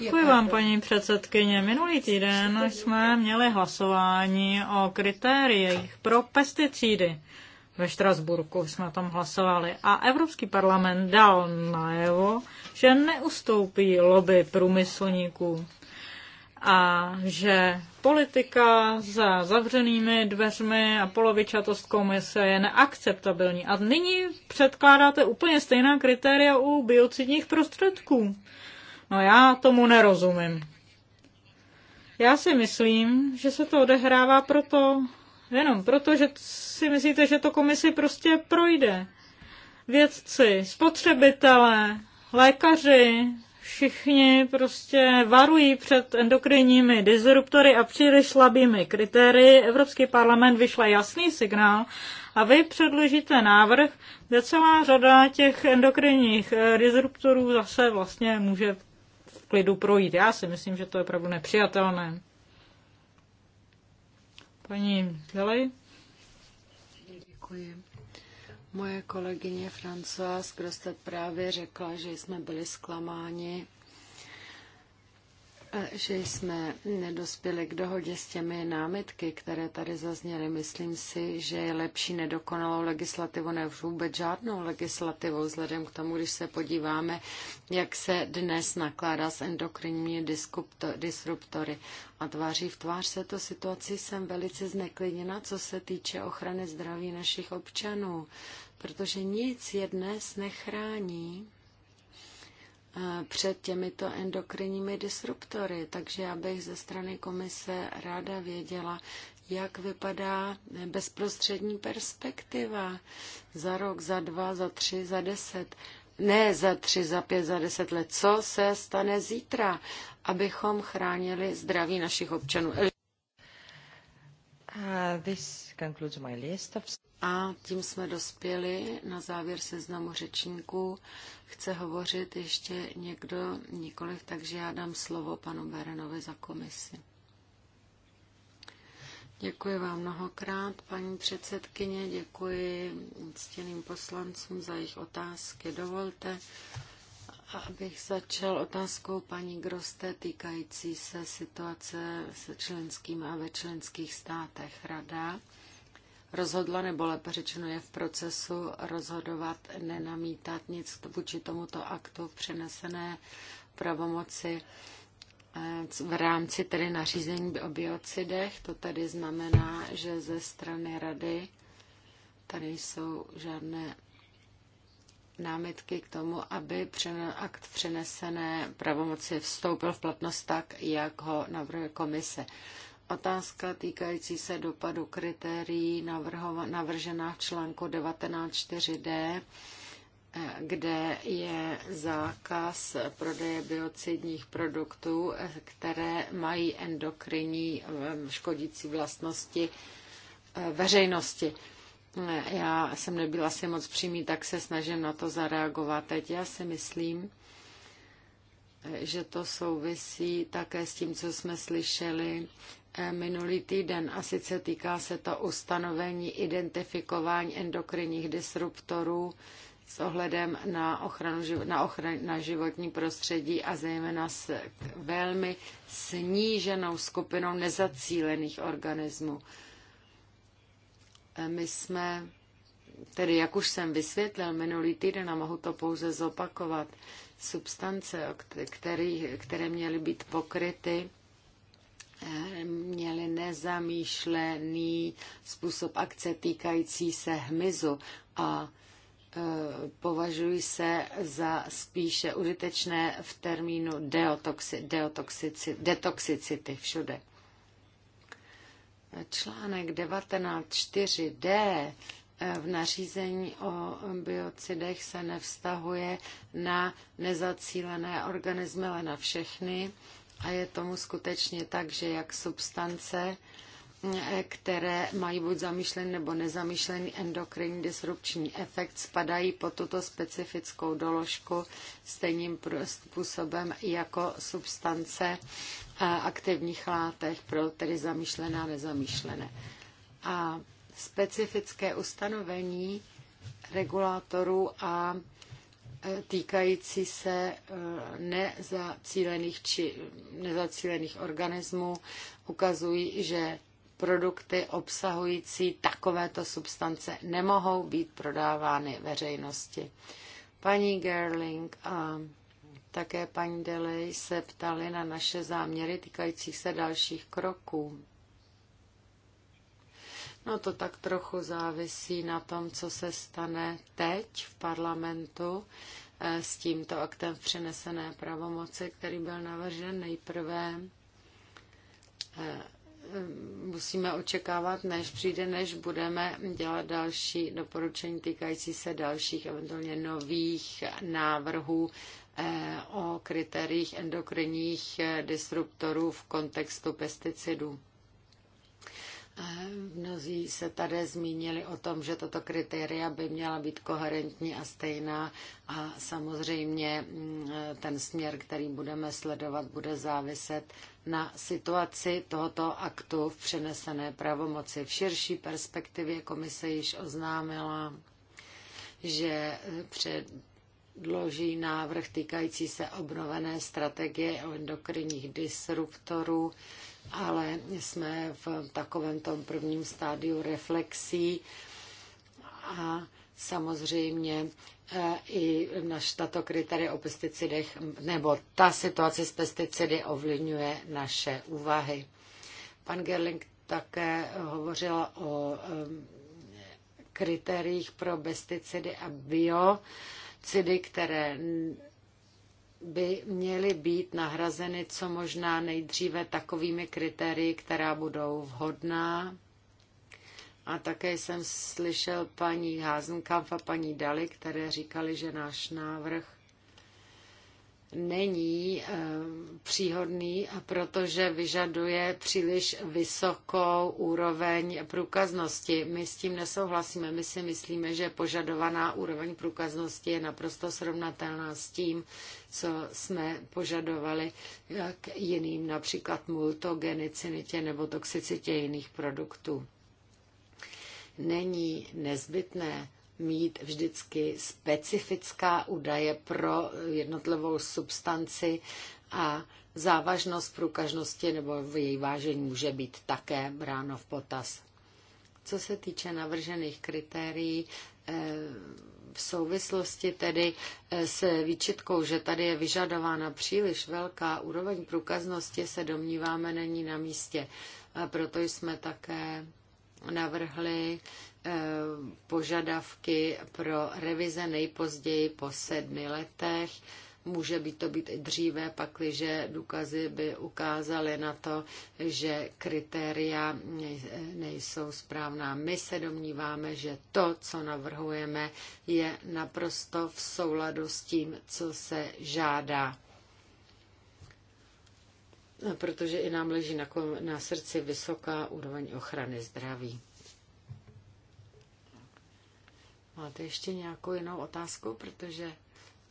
Děkuji vám, paní předsedkyně. Minulý týden jsme měli hlasování o kritériích pro pesticidy. Ve Štrasburku jsme tam hlasovali a Evropský parlament dal najevo, že neustoupí lobby průmyslníků a že politika za zavřenými dveřmi a polovičatost komise je neakceptabilní. A nyní předkládáte úplně stejná kritéria u biocidních prostředků. No já tomu nerozumím. Já si myslím, že se to odehrává proto, jenom proto, že si myslíte, že to komisi prostě projde. Vědci, spotřebitelé, lékaři, všichni prostě varují před endokrinními disruptory a příliš slabými kritérii. Evropský parlament vyšla jasný signál a vy předložíte návrh, kde celá řada těch endokrinních eh, disruptorů zase vlastně může v klidu projít. Já si myslím, že to je opravdu nepřijatelné. Paní Delej. Děkuji. Moje kolegyně Françoise Grostet právě řekla, že jsme byli zklamáni, e, že jsme nedospěli k dohodě s těmi námitky, které tady zazněly. Myslím si, že je lepší nedokonalou legislativu než vůbec žádnou legislativou, vzhledem k tomu, když se podíváme, jak se dnes nakládá s endokrinními disruptory. A tváří v tvář se to situaci jsem velice zneklidněna, co se týče ochrany zdraví našich občanů protože nic je dnes nechrání eh, před těmito endokrinními disruptory. Takže já bych ze strany komise ráda věděla, jak vypadá bezprostřední perspektiva za rok, za dva, za tři, za deset. Ne za tři, za pět, za deset let. Co se stane zítra, abychom chránili zdraví našich občanů? Uh, A tím jsme dospěli na závěr seznamu řečníků. Chce hovořit ještě někdo? Nikoliv, takže já dám slovo panu Berenovi za komisi. Děkuji vám mnohokrát, paní předsedkyně, děkuji ctěným poslancům za jejich otázky. Dovolte, Abych začal otázkou paní Groste týkající se situace se členským a ve členských státech rada rozhodla, nebo lépe řečeno je v procesu rozhodovat, nenamítat nic vůči tomuto aktu přenesené pravomoci eh, v rámci tedy nařízení o biocidech. To tedy znamená, že ze strany rady tady jsou žádné námitky k tomu, aby akt přenesené pravomoci vstoupil v platnost tak, jak ho navrhuje komise. Otázka týkající se dopadu kritérií navržená v článku 19.4d, kde je zákaz prodeje biocidních produktů, které mají endokrinní eh, škodící vlastnosti eh, veřejnosti. Já jsem nebyla si moc přímý, tak se snažím na to zareagovat. Teď já si myslím, že to souvisí také s tím, co jsme slyšeli eh, minulý týden, a sice týká se to ustanovení identifikování endokrinních disruptorů s ohledem na, ochranu, na, ochran, na životní prostředí a zejména s velmi sníženou skupinou nezacílených organismů. My jsme, tedy jak už jsem vysvětlil minulý týden a mohu to pouze zopakovat, substance, který, které měly být pokryty, eh, měly nezamýšlený způsob akce týkající se hmyzu a eh, považují se za spíše užitečné v termínu deotoxi, deotoxici, detoxicity všude. Článek 19.4d eh, v nařízení o biocidech se nevztahuje na nezacílené organismy, ale na všechny. A je tomu skutečně tak, že jak substance, eh, které mají buď zamýšlený nebo nezamýšlený endokrinní disrupční efekt, spadají pod tuto specifickou doložku stejným způsobem jako substance, aktivních látek pro tedy zamýšlené a nezamýšlené. A specifické ustanovení regulátorů a e, týkající se e, nezacílených či nezacílených organismů ukazují, že produkty obsahující takovéto substance nemohou být prodávány veřejnosti. Paní Gerling a také paní Delej se ptali na naše záměry týkající se dalších kroků. No to tak trochu závisí na tom, co se stane teď v parlamentu eh, s tímto aktem v přenesené pravomoci, který byl navržen nejprve. Eh, musíme očekávat, než přijde, než budeme dělat další doporučení týkající se dalších, eventuálně nových návrhů o kritériích endokrinních disruptorů v kontextu pesticidů. Mnozí se tady zmínili o tom, že tato kritéria by měla být koherentní a stejná a samozřejmě mm, ten směr, který budeme sledovat, bude záviset na situaci tohoto aktu v přenesené pravomoci. V širší perspektivě komise již oznámila, že před předloží návrh týkající se obnovené strategie o endokrinních disruptorů, ale jsme v takovém tom prvním stádiu reflexí a samozřejmě e, i naš tato kritéria o pesticidech, nebo ta situace s pesticidy ovlivňuje naše úvahy. Pan Gerling také hovořil o e, kritériích pro pesticidy a bio. CIDy, které by měly být nahrazeny co možná nejdříve takovými kritérii, která budou vhodná. A také jsem slyšel paní Házenkamp a paní Dali, které říkali, že náš návrh není eh, příhodný, protože vyžaduje příliš vysokou úroveň průkaznosti. My s tím nesouhlasíme. My si myslíme, že požadovaná úroveň průkaznosti je naprosto srovnatelná s tím, co jsme požadovali k jiným, například multogenicinitě nebo toxicitě jiných produktů. Není nezbytné mít vždycky specifická údaje pro jednotlivou substanci a závažnost průkažnosti nebo její vážení může být také bráno v potaz. Co se týče navržených kritérií, eh, v souvislosti tedy eh, s výčitkou, že tady je vyžadována příliš velká úroveň průkaznosti, se domníváme není na místě. A proto jsme také navrhli eh, požadavky pro revize nejpozději po sedmi letech. Může být to být i dříve, pakliže důkazy by ukázaly na to, že kritéria nejsou správná. My se domníváme, že to, co navrhujeme, je naprosto v souladu s tím, co se žádá protože i nám leží na, na srdci vysoká úroveň ochrany zdraví. Máte ještě nějakou jinou otázku, protože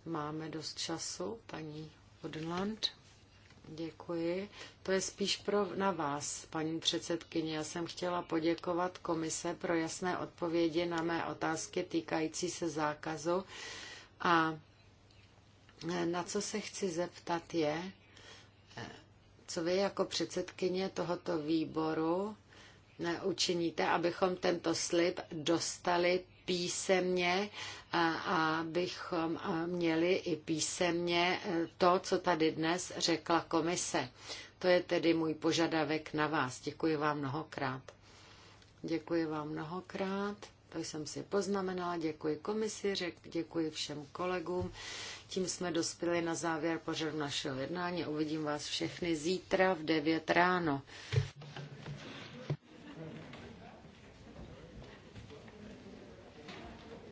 máme dost času, paní Odland? Děkuji. To je spíš pro, na vás, paní předsedkyně. Já jsem chtěla poděkovat komise pro jasné odpovědi na mé otázky týkající se zákazu. A na co se chci zeptat je, co vy jako předsedkyně tohoto výboru učiníte, abychom tento slib dostali písemně, a abychom měli i písemně e, to, co tady dnes řekla komise. To je tedy můj požadavek na vás. Děkuji vám mnohokrát. Děkuji vám mnohokrát. To jsem si poznamenala. Děkuji komisi, řek, děkuji všem kolegům. Tím jsme dospěli na závěr pořadu našeho jednání. Uvidím vás všechny zítra v 9 ráno.